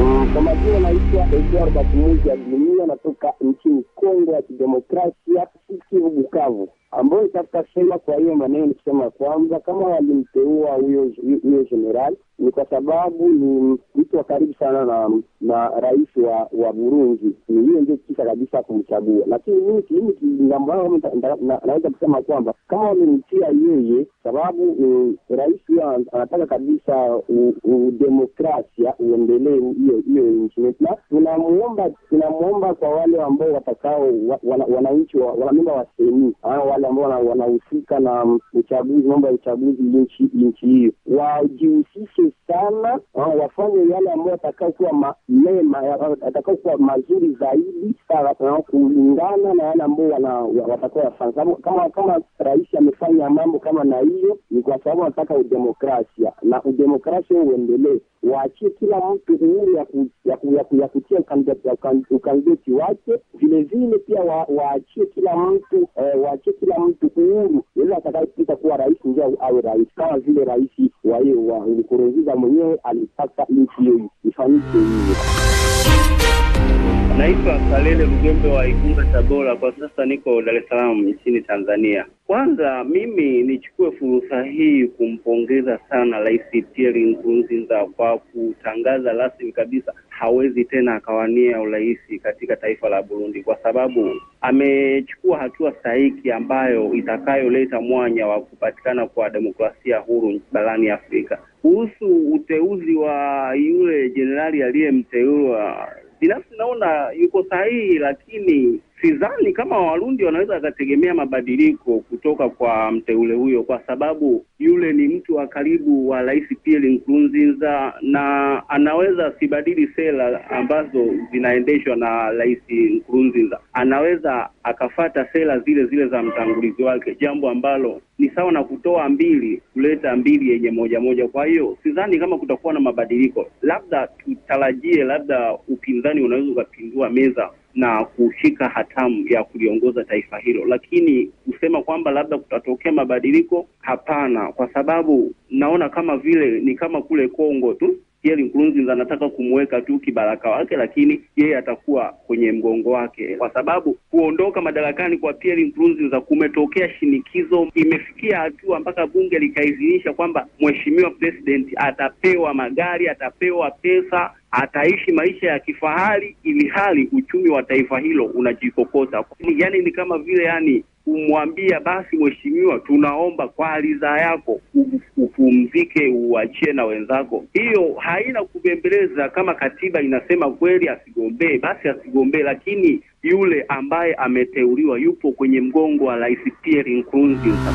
Eh, kwa majina naitwa Eduard Batumuzi Agilia, natoka nchini Kongo ya Kidemokrasia, Kivu, Bukavu ambayo nitaka sema kwa hiyo maneno kusema kwamba kama walimteua huyo huyo general ni kwa sababu ni mtu wa karibu sana na na rais wa wa Burundi, ni hiyo ndio kisa kabisa kumchagua. Lakini mimi mimi kingambo naweza kusema kwamba kama wamemtia yeye, sababu rais huyo anataka kabisa udemokrasia uendelee hiyo hiyo nchi na tunamwomba kwa wale ambao watakao wananchi wanamemba wa seni wale wale ambao wanahusika na uchaguzi, mambo ya uchaguzi nchi hiyo, wajihusishe sana, wafanye yale ambayo yatakao kuwa mema, atakao kuwa mazuri zaidi kulingana na yale ambao watakuwa wafanya, sababu kama kama rais amefanya mambo kama na hiyo, ni kwa sababu anataka udemokrasia na udemokrasia uendelee waachie kila mtu uhuru ya, ku, ya, ku, ya, ku, ya kutia ukandideti wake. Vilevile pia wa, waachie kila mtu eh, waachie kila mtu uhuru yule atakayepita kuwa rais ndio awe rais, kama vile rais wa hiyo wa Nkurunziza mwenyewe alitaka nchi hiyo ifanyike hivyo. Naitwa Kalele Lugembe wa Igunga, Tabora. Kwa sasa niko Dar es Salaam nchini Tanzania. Kwanza mimi nichukue fursa hii kumpongeza sana Rais Pierre Nkurunziza kwa kutangaza rasmi kabisa hawezi tena akawania urais katika taifa la Burundi, kwa sababu amechukua hatua stahiki ambayo itakayoleta mwanya wa kupatikana kwa demokrasia huru barani Afrika. Kuhusu uteuzi wa yule jenerali aliyemteua binafsi naona yuko sahihi, lakini sidhani kama Warundi wanaweza wakategemea mabadiliko kutoka kwa mteule huyo, kwa sababu yule ni mtu wa karibu wa Rais Pierre Nkurunziza na anaweza asibadili sera ambazo zinaendeshwa na Rais Nkurunziza. Anaweza akafata sera zile zile za mtangulizi wake, jambo ambalo ni sawa na kutoa mbili kuleta mbili yenye moja moja. Kwa hiyo sidhani kama kutakuwa na mabadiliko, labda tutarajie, labda upinzani unaweza ukapindua meza na kushika hatamu ya kuliongoza taifa hilo, lakini kusema kwamba labda kutatokea mabadiliko, hapana, kwa sababu naona kama vile ni kama kule Kongo tu yeye Nkurunziza anataka kumweka tu kibaraka wake, lakini yeye atakuwa kwenye mgongo wake, kwa sababu kuondoka madarakani kwa Pierre Nkurunziza kumetokea shinikizo, imefikia hatua mpaka bunge likaidhinisha kwamba mheshimiwa president atapewa magari, atapewa pesa ataishi maisha ya kifahari ili hali uchumi wa taifa hilo unajikokota. Yani ni kama vile yani kumwambia basi, mheshimiwa, tunaomba kwa ridhaa yako upumzike, uachie na wenzako. Hiyo haina kubembeleza. Kama katiba inasema kweli asigombee, basi asigombee, lakini yule ambaye ameteuliwa yupo kwenye mgongo wa Rais Pierre Nkurunziza.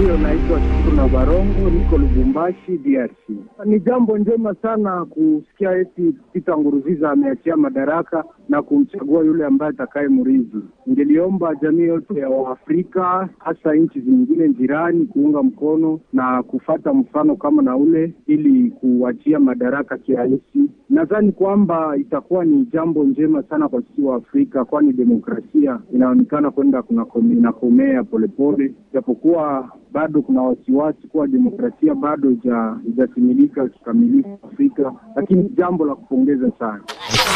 Hiyo naitwa Shukuru Barongo, niko Lubumbashi, DRC. Ni jambo njema sana kusikia eti Pita Nguruziza ameachia madaraka na kumchagua yule ambaye mrizi. Ingeliomba jamii yote ya Waafrika, hasa nchi zingine jirani, kuunga mkono na kufata mfano kama na ule, ili kuachia madaraka kirahisi. Nadhani kwamba itakuwa ni jambo njema sana kwa sisi Waafrika, kwani demokrasia inaonekana kwenda inakomea polepole, japokuwa bado kuna wasiwasi kuwa demokrasia bado ijatimilika kikamilifu Afrika, lakini jambo la kupongeza sana.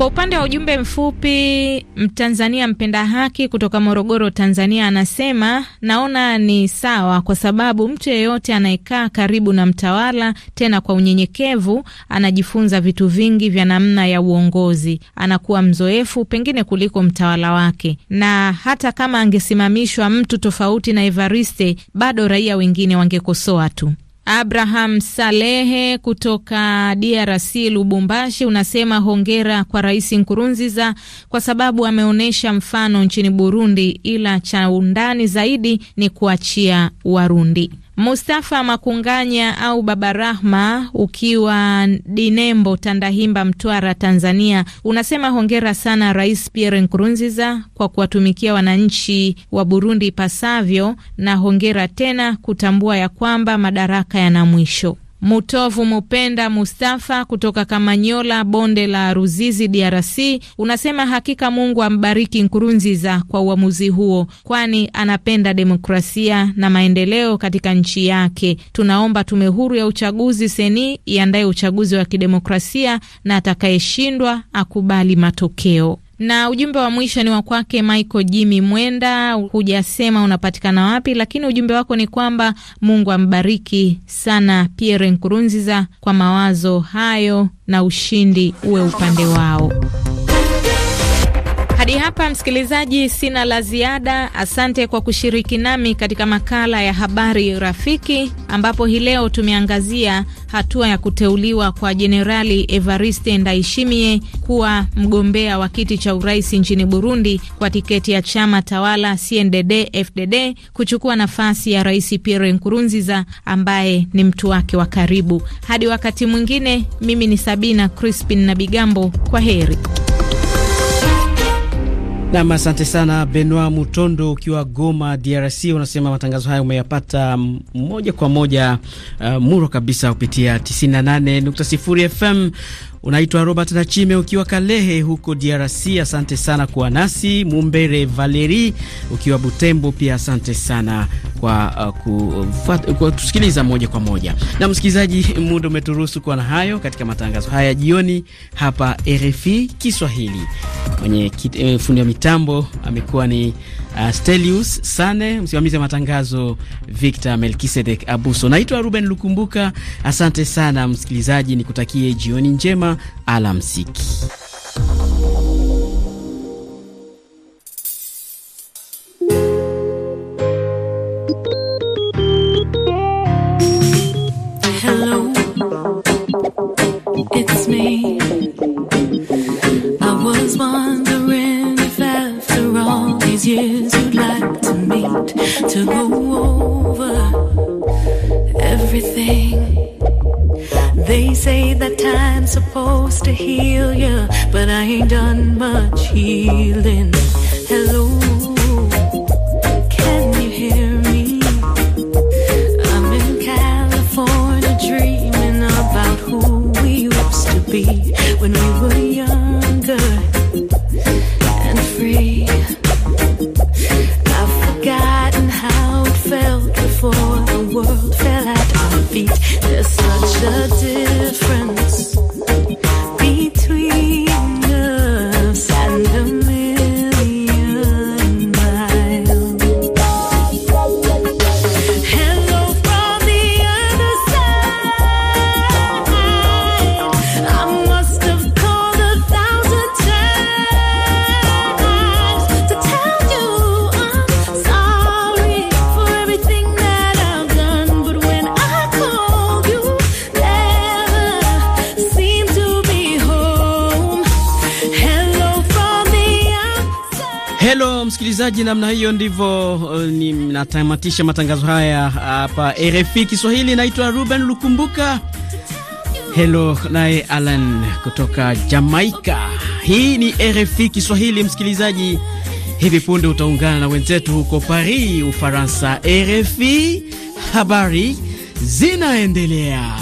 Kwa upande wa ujumbe mfupi, Mtanzania mpenda haki kutoka Morogoro, Tanzania, anasema naona ni sawa, kwa sababu mtu yeyote anayekaa karibu na mtawala, tena kwa unyenyekevu, anajifunza vitu vingi vya namna ya uongozi, anakuwa mzoefu pengine kuliko mtawala wake. Na hata kama angesimamishwa mtu tofauti na Evariste, bado raia wengine wangekosoa tu. Abraham Salehe kutoka DRC Lubumbashi unasema hongera kwa Rais Nkurunziza kwa sababu ameonyesha mfano nchini Burundi, ila cha undani zaidi ni kuachia Warundi. Mustafa Makunganya au Baba Rahma, ukiwa Dinembo, Tandahimba, Mtwara, Tanzania, unasema hongera sana Rais Pierre Nkurunziza kwa kuwatumikia wananchi wa Burundi ipasavyo, na hongera tena kutambua ya kwamba madaraka yana mwisho. Mutovu Mupenda Mustafa kutoka Kamanyola, bonde la Ruzizi, DRC, unasema hakika Mungu ambariki Nkurunziza kwa uamuzi huo, kwani anapenda demokrasia na maendeleo katika nchi yake. Tunaomba tume huru ya uchaguzi seni iandaye uchaguzi wa kidemokrasia na atakayeshindwa akubali matokeo. Na ujumbe wa mwisho ni wa kwake Michael Jimmy Mwenda, hujasema unapatikana wapi, lakini ujumbe wako ni kwamba Mungu ambariki sana Pierre Nkurunziza kwa mawazo hayo na ushindi uwe upande wao. Hadi hapa msikilizaji, sina la ziada. Asante kwa kushiriki nami katika makala ya habari rafiki, ambapo hii leo tumeangazia hatua ya kuteuliwa kwa Jenerali Evariste Ndayishimiye kuwa mgombea wa kiti cha urais nchini Burundi kwa tiketi ya chama tawala CNDD-FDD kuchukua nafasi ya Rais Pierre Nkurunziza ambaye ni mtu wake wa karibu. Hadi wakati mwingine, mimi ni Sabina Crispin na Bigambo, kwa heri. Nam, asante sana Benoit Mutondo ukiwa Goma, DRC. Unasema matangazo haya umeyapata moja kwa moja uh, muro kabisa kupitia 98.0 FM. Unaitwa Robert Nachime ukiwa Kalehe huko DRC, asante sana kwa nasi. Mumbere Valeri ukiwa Butembo pia asante sana kwa uh, kutusikiliza moja kwa moja. Na msikilizaji, muda umeturuhusu kuwa na hayo katika matangazo haya jioni hapa RFI Kiswahili. Mwenye eh, fundi wa mitambo amekuwa ni uh, Stelius Sane, msimamizi wa matangazo Victor Melkisedek Abuso. Naitwa Ruben Lukumbuka, asante sana msikilizaji, nikutakie jioni njema, alamsiki. kutamatisha matangazo haya hapa RFI Kiswahili. Naitwa Ruben Lukumbuka, helo naye Alan kutoka Jamaika. Hii ni RFI Kiswahili. Msikilizaji, hivi punde utaungana na wenzetu huko Paris, Ufaransa. RFI, habari zinaendelea.